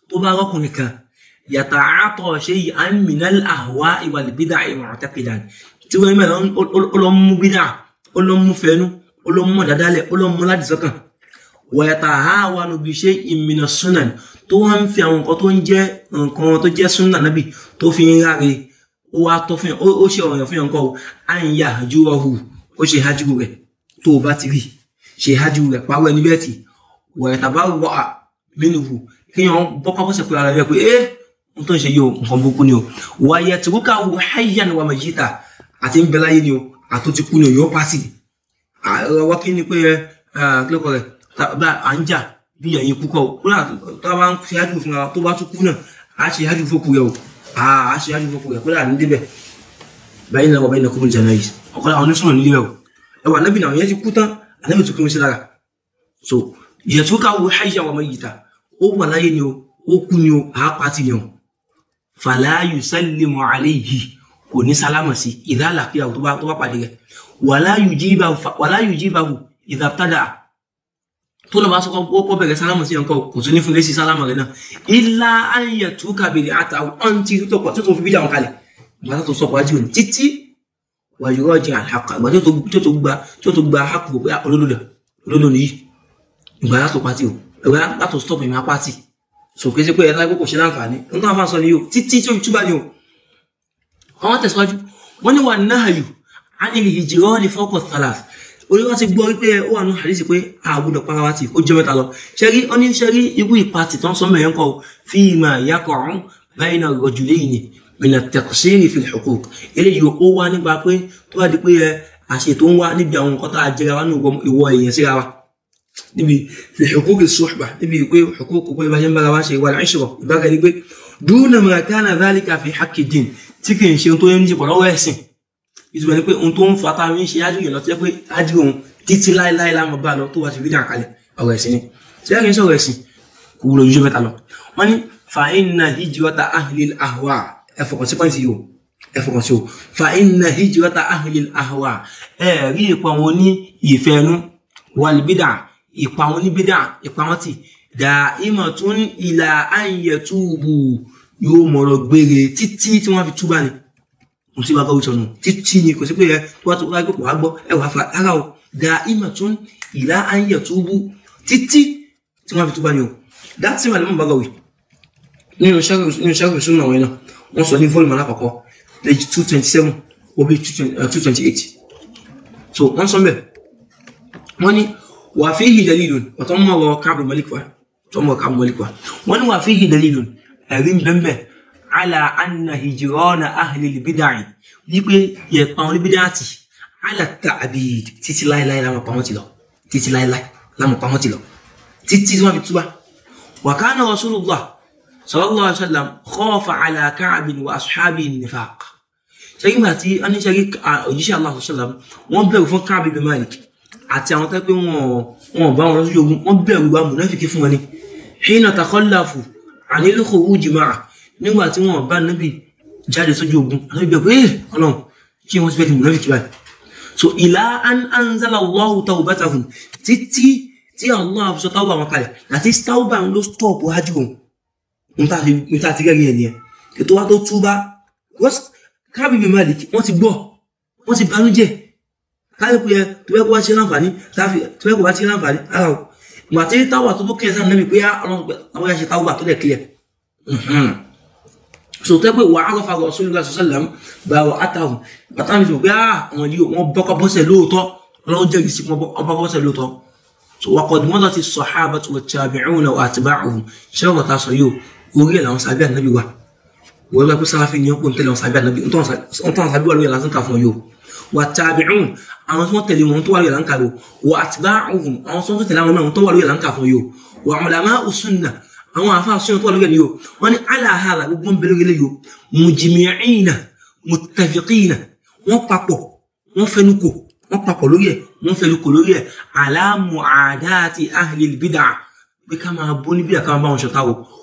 tó bá rọ́kùnrin kan yàtà àtọ̀ ṣe yìí à ń mìíràn àwa ìwà bídà ìmọ̀ràn tẹ́pìlà tí wọ́n mẹ́rin ó lọ mú bídà ó lọ mú fẹnu ó lọ mú dàdálẹ̀ ó lọ mú àwa níbi ṣe ìmìnà súnà tó wá ń fi àwọn nǹkan tó ń jẹ́ nǹkan tó jẹ́ súnà nábì tó fi ń ráre ó wá tọ́ fún yàn ó ṣe ọ̀rọ̀ yàn fún yàn kọ́ àyìnyà àjúwọ̀ hù ó ṣe hajjú rẹ̀ tó o bá ti rí ṣe hájú rẹ̀ pawọ́ ẹni bẹ́ẹ̀ tì wẹ̀rẹ̀ tàbá wà mínú wù kéèyàn bọ́ pápọ́sẹ̀ pé ara rẹ̀ pé ẹ́ eh, n tó ń ṣe yìí o nǹkan burúkú ni o wàyẹ̀ tìrúkà wù háyà ni wà mọ̀ yíta àti ń bẹ láyé ni o àtó ti kú ni o yọ pàṣì àwọn kí ni pé ẹ kílẹ̀kọ̀ rẹ̀ tàbá à ń jà bí ẹ̀yin kú kọ́ kúrò tàbá ń ṣe hájú fún wa tó bá tún kú náà à ṣe hájú fókù rẹ̀ o à ṣe hájú fókù rẹ̀ kúrò à ń débẹ̀ bẹ́ẹ̀ ni wọ́n bẹ́ẹ̀ ni kúrò jẹ́ náà yìí ẹwà anabi náà yẹn ti kú tán anabi tó kí wọn sí lára so yẹtu ká wo hayyan wa mayyita ó wà láyé ni o ó kú ni o àápá ti ni o fala yusallimu alayhi kò ní sálámà sí idha laqiyahu tó bá tó bá pàdé rẹ̀ wala yujibahu wala yujibahu idha ibtada'a tó lọ bá sọ kọ́ bẹ̀rẹ̀ sálámà sí ọkọ̀ kò tún ní fún lẹ́sí sálámà rẹ̀ náà illa an yatuka bil ata ọ̀ntì tó tọkọ̀ tó tún fi bíjà wọn kalẹ̀ bàtà tó sọkọ̀ ajíwòn títí wàyúrọ̀ jẹ́ àlàkà ìgbà tó tó gba tó tó gba àkùkù pé olólùlà ah, olólùlù yìí ìgbà látò pátì o ìgbà látò stop ìmọ̀ pátì sòkè sí pé ẹ̀ láìpẹ́ kò ṣe láǹfààní nínú àwọn afáàsọ ni yóò títí tí ó fi túbà ni o. àwọn tẹ̀síwájú wọ́n ní wà náàyù á ní lè jìrọ́ ní fọ́kọ̀ tàlà orí wọn ti gbọ́ wípé ó wà nù àdìsí pé àgùdọ̀ para wa ti ó jẹ́ mẹ́ta lọ ṣẹ́rí ó ní ṣẹ́rí irú ìpatì tó ń sọ mẹ́rin kọ́ fi ìmọ̀ ìyá kọ̀ọ̀rún báyìí náà rọ̀jù léyìn mina tẹ̀kọ̀síìnì fi hukuk eléyìí ó wá nípa pé tó bá di pé ẹ àṣẹ tó ń wá níbi àwọn nǹkan tá a jẹra wá nínú ìwọ èèyàn síra wa níbi fi hukuk suhba níbi pé hukuk pé bá ṣe ń bára wá ṣe wàlẹ̀ ìṣòro ìbára ẹni pé dúnà mìíràn dhalika fi haqqi din tí kì í ṣe tó ń jìpọ̀ lọ́wọ́ ẹ̀sìn ìtumọ̀ ni pé ohun tó ń fa tá a fi ń ṣe ájú yẹn lọ sí pé ájú òun títí láéláé láwọn bá lọ tó wá ti fi dàn kalẹ̀ ọ̀rọ̀ ẹ̀sìn ni ṣé kí n sọ̀rọ̀ ẹ̀sìn kò wúlò ojúṣe mẹ́ta lọ wọ́n ní fa inna hijrata ahlil ahwa ẹ fọkàn sí pọ́ǹsì yìí o ẹ fọkàn sí o fa inna hijrata ahlil ahwa ẹ rí ipa wọn ní ìfẹ́nu wàlbídà ipa wọn ní bídà ipa wọn ti dà ìmọ̀ tún ìlà àyẹ̀ túbù yóò mọ̀ lọ gbére títí tí wọ́n fi túbà ni mo ti wá gbọ́ ìtọ́nù títí ni kò sí pé ẹ tó wá tó wá gbọ́ wá gbọ́ ẹ wà fa ara o dà ìmọ̀ tún ìlà àyẹ̀ túbù títí tí wọ́n fi túbà ni o dá tí wọ́n lè mọ̀ bá wì nínú sẹ́kù sínú àwọn ẹ̀ náà wọ́n sọ ní volume alákọ̀ọ́kọ́ page two twenty seven wọ́n page two twenty eight so wọ́n sọ bẹ́ẹ̀ wọ́n ní wàá fi hì dalilun ọ̀tọ́ mọ̀ wọ káàbù mọ́líkwa tọ́ mọ̀ káàbù mọ́líkwa wọ́n ní wàá fi hì dalilun ẹ̀rí bẹ́ẹ̀ ala anna hijirana ahli libidai wípé yẹ̀pọ̀ àwọn libidaati ala tàbí títí láéláé láwọn pamọ́ ti lọ Titi láéláé láwọn pamọ́ ti lọ títí tí wọ́n fi túbà wàkánà rasulullah sallallahu alaihi wasallam khafa ala káàbìn wa ashabi nifaq sẹ́yìn àti aníṣẹ́rí òjíṣẹ́ Allah sallam wọ́n bẹ̀rù fún káàbì bin Malik àti àwọn tẹ́pẹ́ wọn wọn bá wọn lọ́sí ogun wọ́n bẹ̀rù bá mùnáfíkì fún wọn ni hina takhallafu anil khuruj ma'a nígbà tí wọn bá nábì jáde sójú ogun àwọn ìbẹ̀rù pé eh, ọlọ́run kí wọ́n ti fẹ́ di mùnáfíkì báyìí so ìlà anzala Allahu tawbatahum títí tí Allah àfisọ́ tàwùbà wọn kalẹ̀ àti tàwùbà ń lọ stọ́ọ̀pù hajj níta ti rẹ́rìn ẹ̀nìyẹn ètò wa tó túbá káàbì mi máa wọ́n ti gbọ́ wọ́n ti banújẹ́ káàbì pé tó fẹ́ kó wá ṣe láǹfààní tó fẹ́ kó wá ṣe láǹfààní ara o ìgbà tí táwà tó tó kílẹ̀ sáà nẹ́bi ah, pé àwọn ìyá ṣe táwà tó dẹ̀ kílẹ̀ mhm. so pé wàá lọ́fà rọ̀ sórí ìgbà sọ́sẹ́ lẹ́mú gba ọ̀ àtàwọn bàtà mi fi pé ah, àwọn yìí wọ́n bọ́kọ́ bọ́sẹ̀ lóòótọ́ ọlọ́run jẹ́rìí sí wọn bọ́kọ́ bọ́sẹ̀ lóòótọ́ so wàkọ̀ ni ti sọ̀hábà tó wọ́n ti àbẹ̀rún náà àtibáhùn ṣẹ́wọ̀n ta sọ yóò orí ẹ̀ làwọn sábẹ́ ànábì wa wọ́n bá kó sáfì ní ọ̀pọ̀ ntẹ́lẹ̀ wọn sábẹ́ ànábì ntọ́n sábẹ́ wà lórí ẹ̀ lásán kà fún ọ yóò wà tabi'un àwọn tí wọ́n tẹ̀lé wọn tó wà lórí ẹ̀ láǹkà yóò wà atba'uhum àwọn tí wọ́n tẹ̀lé àwọn náà tó wà lórí ẹ̀ láǹkà fún yóò wà ulama'u sunnah àwọn àfa sunna tó wà lórí ẹ̀ yóò wọ́n ní ala hadha gbogbo ń yóò mujmi'ina muttafiqina wọ́n papọ̀ wọ́n fẹnu kò papọ̀ lórí ẹ̀ wọ́n fẹnu kò lórí ahlil bid'ah pé ká máa bó níbí àká wọn ṣọ̀tá o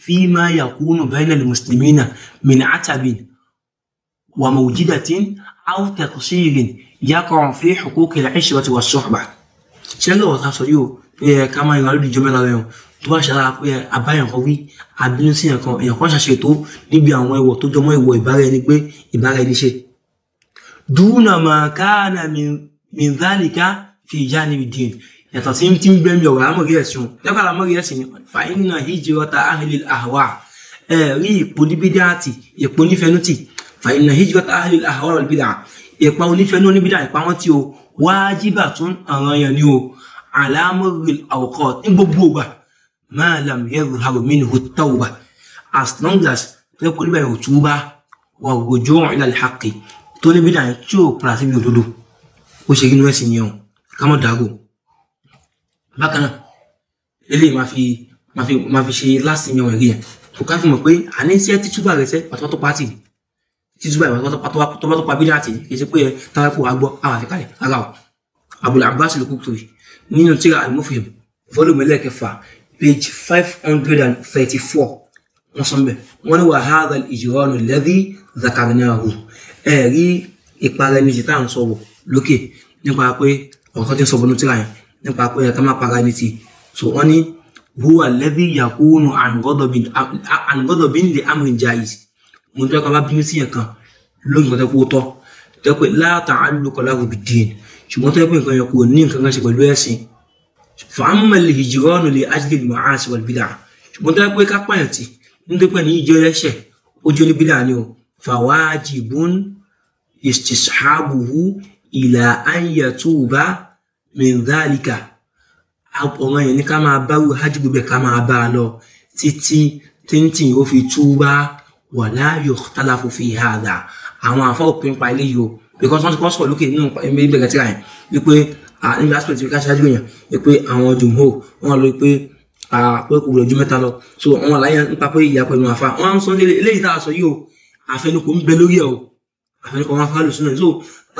فيما يكون بين المسلمين من عتب وموجدة أو تقصير يقع في حقوق العشرة والصحبة شنو wọ́n ta sọ yìí o اليوم ká máa yan alódìjọ́ mẹ́ta lẹ́yìn tó bá ṣe ara ẹ àbáyàn kan wí àbínú sí ẹ̀kan èèyàn kan ṣàṣètò níbi àwọn ẹwọ̀ tó jọmọ́ ìwọ̀ ìbára ẹni pé ìbára ẹni ṣe. dùnà màkánà mìíràn nìkan fi ìyá níbi dín yàtọ̀ sí ti ń gbẹ́mí ọ̀rọ̀ àmọ̀rí ẹ̀sùn lẹ́kọ̀ọ́ àmọ̀rí ẹ̀sìn fàáyínà hijirata ahli ahwa ẹ̀ rí ìpò níbídà àti ìpò nífẹ̀ẹ́nùtì fàáyínà hijirata ahli ahwa olùbídà ìpa onífẹ̀ẹ́nù oníbídà ìpa wọn ti o wájibà tún ọ̀ràn yẹn ni o àlámọ̀rí àwòkọ́ ní gbogbo ògbà máa làm yẹrù harò mí ni o tàwọ̀ bá as long as lẹ́kọ̀ọ́ níbà yóò tú bákan náà eléyìí máa fi máa fi máa fi ṣe lásìmí ọ̀rẹ́ yẹn kò ká fi mọ̀ pé àní sí ẹ títúbà rẹ sẹ pátápátá pàtì títúbà rẹ pátápátá pátápátá bídà àti kì í ṣe pé ẹ táwọn kò wá gbọ́ àwọn àfikalẹ̀ ara o Abul Abbas al-Qutubi nínú tíra al-Mufhim volume page five hundred and thirty-four wọ́n sọ bẹ́ẹ̀ wọ́n ní wa hadha al-ijranu alladhi dhakarnahu ẹ̀rí ìparẹ́ni ti tá à ń sọ̀rọ̀ lókè nípa pé ọ̀kan tí ń sọ tíra yẹn nípa pé ká má para ní ti so wọ́n ní huwa alladhi yakunu an ghadabin li amrin jaiz mo jẹ́ ká bá bínú sí yẹn kan lóyún kan tẹ́ kó tọ́ tẹ́ pé la ta'alluqa lahu bid-din ṣùgbọ́n tẹ́ pé nǹkan yẹn kò ní nǹkan kan ṣe pẹ̀lú ẹ̀sìn fa amma al-hijranu li ajli al-ma'asi wal-bid'ah ṣùgbọ́n tẹ́ pé ká pààyàn tì nítorí pé ní ìjọ ẹlẹ́ṣẹ̀ ó ní bídà ni o fawajibun istishabuhu ila an yatuba mẹ̀ńdálíkà ọ̀ràn yẹn ni ká máa bá wù hajj gbogbo ẹ̀ ká máa bá a lọ títí tẹ́ǹtì ó fi túbá wà láàyò tálàfò fi hàdà àwọn àfọ òpin pa ilé yìí o because wọ́n ti kọ́ sọ̀rọ̀ lókè nínú ìbẹ̀rẹ̀ tíra yẹn wípé níbi aspect ká ṣáájú yẹn wípé àwọn jùmọ̀ wọn lọ pé pé kò gbọdọ̀ ju mẹ́ta lọ so àwọn àlàyé nípa pé ìyá pẹ̀lú àfa wọn á ń sọ eléyìí tá a sọ yìí o àfẹnukò ń bẹ lórí ẹ̀ o àfẹnukò wọn afárá lòsùn náà so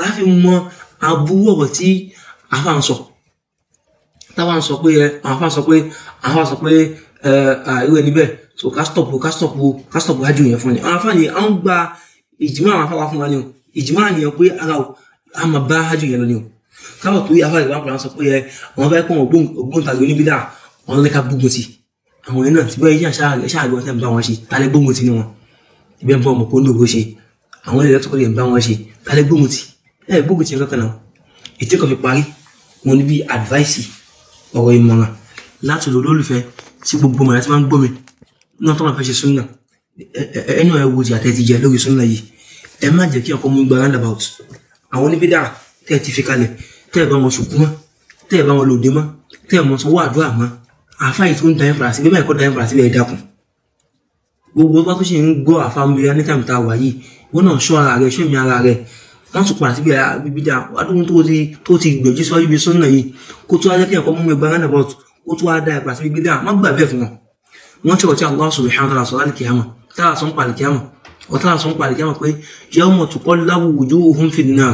láti mọ abúwọ̀ tí àfa ń sọ táwa sọ pé ẹ àfa sọ pé àfa sọ pé ẹ ìwé níbẹ̀ so ká stop ká stop ká stop wájú yẹn fún ni àwọn afa ni à ń gba ìjìmọ̀ àwọn afa wa fún wa ni o ìjìmọ̀ àníyàn pé ara o a máa bá wájú yẹn lọ ni o káwọ̀ tó yẹ afa ìwà àpàlà sọ pé ẹ àwọn fẹ́ pọ̀ ògbóǹtagì oníbídà wọn lẹ́ka gbógun ti àwọn yẹn náà ti bẹ́ẹ̀ yíyàn ṣáàgbé wọn tẹ́ ń bá wọn ṣe tálẹ́ gbógun ti ni wọn ibẹ̀ ń bá ọmọ kóńdò ń bá wọn ní bí advice ọ̀rọ̀ ìmọ̀ràn láti lò lólùfẹ́ sí gbogbo mọ̀lá tí wọ́n ń gbọ́ mi náà tó máa fẹ́ ṣe súnà ẹnu ẹ wo ti àtẹ́tí jẹ lórí súnà yìí ẹ má jẹ́ kí ọkọ mú gba roundabout àwọn oníbídà tẹ́ ẹ ti fi kalẹ̀ tẹ́ ẹ bá wọn sùkú mọ́ tẹ́ ẹ bá wọn lòdì mọ́ tẹ́ ẹ mọ sanwó àdúrà mọ́ àfáà tó ń da yín fara sí bí báyìí kọ́ da gbogbo bá tó ṣe ń gbọ́ àfáà ń bira ní tá a wà yìí wọn náà ṣọ́ ara rẹ ṣọ́ mi ara rẹ wọ́n tún padà síbi àgbègbèjà adúgbò tó ti tó ti gbèjì sọ ibi sọ́nà yìí kó tó ajẹ́ kí ẹ̀kọ́ mú ẹgbẹ́ rẹ̀ bọ́ọ̀tù kó tó adá ẹgbà síbi gbéga wọ́n gbà bẹ́ẹ̀ fún wọn. wọ́n ṣe ọ̀tí Allah subhanahu wa ta'ala sọ láti kìámọ̀ táà sọ ń palẹ̀ kìámọ̀ ọ̀tá sọ ń palẹ̀ kìámọ̀ pé yawma tuqallabu wujuhum fin nar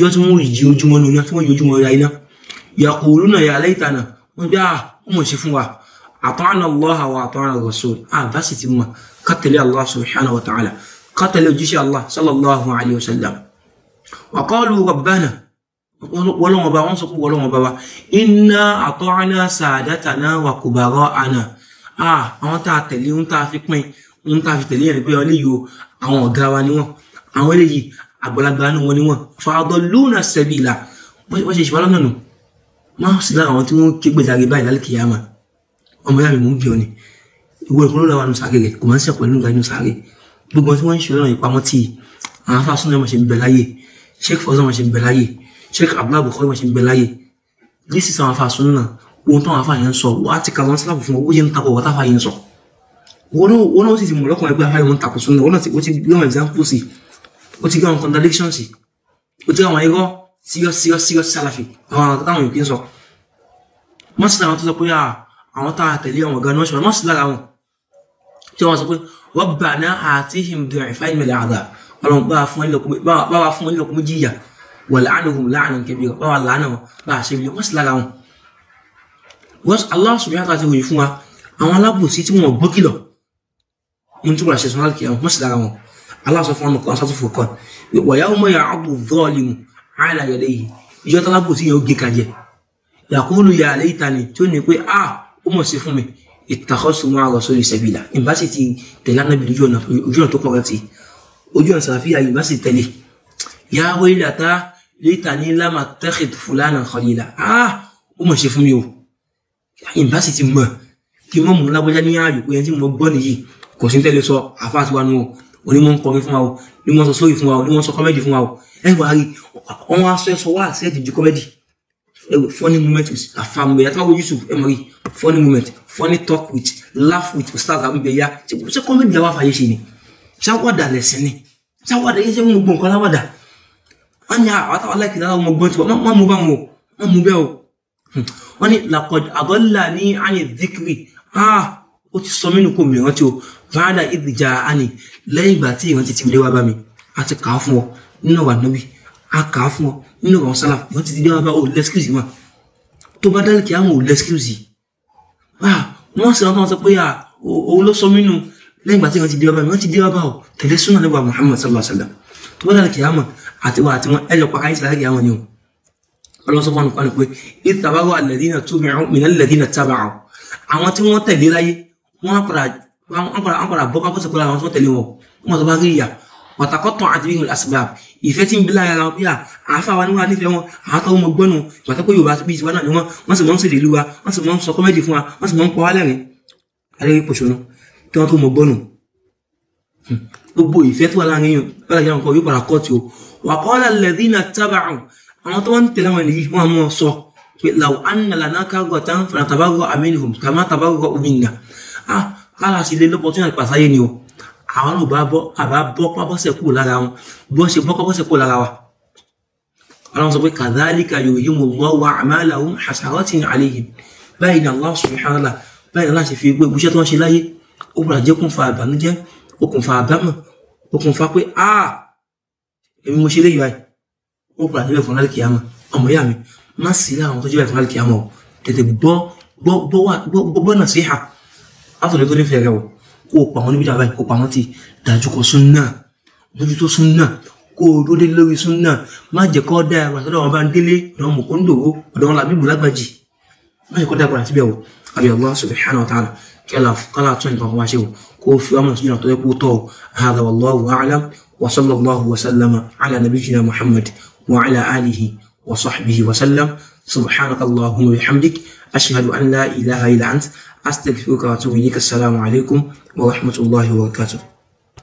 yọ tí wọ́n yí ojúmọ́ nínú tí wọ́n yí ojúmọ́ ra iná yaquluna ya laytana wọ́n bí ah ó mọ̀ ṣe fún wa ata'na Allah wa ata'na rasul ah, wàkọ́lù rabbana wọ́lọ́wọ́ bá wọ́n sọ pé wọ́lọ́wọ́ bá wa inna ata'na sadatana wa kubara'ana àwọn tá a tẹ̀lé ń tá a fi pín ń tá a fi tẹ̀lé ẹ̀rí pé ọlẹ́ yìí àwọn ọ̀gá wa ni wọ́n àwọn eléyìí àgbàlagbà ni wọ́n ni wọ́n fadalluna sabila wọ́n ṣe ìṣèwádọ́ náà nù máa sì lára àwọn tí wọ́n ké gbèsè àgbẹ̀ báyìí lálẹ́ kìyàmà ọmọ yàrá mi mò ń bí ọ ni ìwé ìkúrò lọ́wọ́ àwọn ṣe lọ́rùn àwọn afásúnlẹ̀ ṣe ń bẹ láyé sheikh fọsán wọn ṣe ń bẹ láyè sheikh abdullahi bukhari wọn ṣe ń bẹ láyè lísì sáwọn afa sunu náà ohun táwọn afa yẹn ń sọ wọn á ti kàwọn síláàbù fún wọn ó yẹ ń takò wọn táfa yẹn ń sọ wọn náà ó sì ti mọ lọkùnrin pé afa yẹn ń takò sunu náà wọn náà ó ti gbé àwọn examples sí ó ti gbé àwọn contradictions sí ó ti gbé àwọn irọ́ serious serious serious salafi àwọn táwọn yòókì ń sọ wọn sì làwọn tó sọ pé àwọn tá a tẹ̀lé àwọn gan náà ṣùgbọ́n wọn sì lára ọlọ́run bá fún ẹlẹ́kùn méjì ìyà wà láàánúhùn láàánú kẹbí ọ báwa láàánú bá a ṣe wílé wọ́n sì lára wọn. wọ́n Allah subhanahu wa ta'ala ti wòye fún wa àwọn alábòsí tí wọ́n gbọ́ kìlọ̀ ń túbọ̀ ṣe sọ́nà kìlọ̀ wọ́n sì lára wọn. Allah sọ fún ọmọ kan sọ́tún fún kan wa yawma ya'addu adh-dhalimu 'ala yadayhi ìjọ tálábòsí yẹn ó gé kajẹ yaqulu tani, laytani tó ní pé a ah, ó mọ̀ sí fún mi ittakhadhtu ma'a rasuli sabila ìbá sì ti tẹ̀lé anábì lójú ọ̀nà tó kọ̀ọ̀kan ti ojú ọ̀nà sàlàfíà yorùbá sì tẹ̀lé yàwó ìlàtà lẹ́tà ní lámà tẹ́kìt fúlànà kọ̀lìlà ah ó mọ̀ ṣe fún mi o yorùbá sì ti mọ̀ kí wọ́n mú lágbájá ní ààyò pé ẹni tí mo gbọ́ nìyí kò sí tẹ́lẹ̀ sọ àfa àti wa nu o onímọ̀ ń kọrin fún wa o onímọ̀ sọ sórí fún wa o onímọ̀ sọ kọ́mẹ́dì fún wa o ẹ wà á rí wọn wá sọ ẹ sọ wá àṣẹ́ẹ̀tì ju kọ́mẹ́dì funny moment with afamu yàtọ̀ wo yusuf ẹ mọ̀ rí funny moment funny talk with laugh with ustaz abubeya ṣe kọ́mẹ́dì làwọn afa yẹn ṣe ni ṣáwádà lẹ̀sìn ni ṣáwádà yẹn ṣe mú gbogbo nǹkan láwádà wọ́n ní àwọn àtàwọn aláìkí láwọn ọmọ gbọ́n tí wọ́n mú bá wọn o wọ́n mú bẹ́ẹ̀ o hmm. wọ́n ní làkọ̀d àgọ́là ní àyè díkìrì ah ó ti sọ mí nù kó mìíràn tí o fàádà ìdìjà àní lẹ́yìn ìgbà tí ìrántí ti dé wá bá mi a ti kà á fún ọ nínú wà níbi a kà á fún ọ nínú àwọn sálà ìrántí ti dé wá bá o lẹ́skìrìsì mà tó bá dálé kí á mọ̀ o lẹ́skìrìsì ah, wọn sọ pé ah òun ló sọ mí lẹ́yìn ìgbà tí wọ́n ti dé ọba mi wọ́n ti dé ọba o tẹ̀lé súnà lẹ́wà Muhammad sallallahu alaihi wa sallam tó bá dàlẹ́ kìyàmọ̀ àti wà àti wọn ẹ lọ pa ni o ọlọ́wọ́ sọ fún ọ̀nà pé ìtàbáwọ̀ alladhina tubi'u min alladhina taba'u àwọn tí wọ́n tẹ̀lé láyé wọ́n padà bọ́ kápọ̀ sọ̀kọ́lá àwọn tí wọ́n tẹ̀lé wọn wọ́n sọ bá rí ìyà wàtàkọ́tọ̀ àti bí wọn àsìbà ìfẹ́ tí ń bí ni wọn wọ́n sì mọ́ ń sèlè lu wa wọ́n sì mọ́ ń sọ kọ́mẹ́dì fún wa wọ́n sì mọ́ ń pọ́ wálẹ̀ kí wọ́n tó mọ gbọ́nù gbogbo ìfẹ́ tó wà láàrin yìí wọ́n yà nǹkan yóò padà kọ́ọ̀tì o wà qala alladhina taba'u àwọn tó ń tẹ̀lé àwọn ènìyàn wọn mọ̀ sọ pé law anna lana karratan fanatabarra'a minhum kama tabarra'u minna ah kára sí ilé lọ́pọ̀ tó yàn pàṣáyé ni o àwọn náà bá bọ́ àbá bọ́ pábọ́sẹ̀ kúrò lára wọn bọ́ ṣe bọ́ pábọ́sẹ̀ kúrò lára wa ọlọ́run sọ pé kadhalika yurihimullahu a'malahum hasaratin alayhim báyìí ni Allah subhanahu wa ta'ala báyìí ni Allah ṣe fi gbé ìgbésẹ̀ tó ń ṣe láyé òwúrọ̀ajé kún fa àbànújẹ́ okùnfà àbámọ̀ okùnfà pé áà èmi mo ṣe léyìí báyìí òwúrọ̀ajé bẹ̀ fún lálẹ́kì àmọ́ ọmọ ìyá mi má sí láwọn tó jẹ́ bẹ̀ fún lálẹ́kì àmọ́ tètè gbọ́ gbọ́ náà sí ha látọ̀dọ̀ tó nífẹ̀ẹ́ rẹ o kó o pa àwọn oníbíjà báyìí kó o pa àwọn ti dájú kọ súnà mójútó súnà kó o dúró délé lórí súnà má jẹ́ kó dá ẹwà sọ́dọ̀ àwọn bá ń délé ọ̀dọ̀ àwọn mọ̀kóńdò ọ̀dọ̀ àwọn làbíbù lágbàjì má jẹ́ kó dá ẹwà síbẹ̀ o àbí Allah subhanahu wa ta'ala كلا فقلا تون بقماشيو كو في أمن سجنا طيبو طو هذا والله أعلم وصلى الله وسلم على نبينا محمد وعلى آله وصحبه وسلم سبحانك اللهم وبحمدك أشهد أن لا إله إلا أنت أستغفرك وأتوب إليك السلام عليكم ورحمة الله وبركاته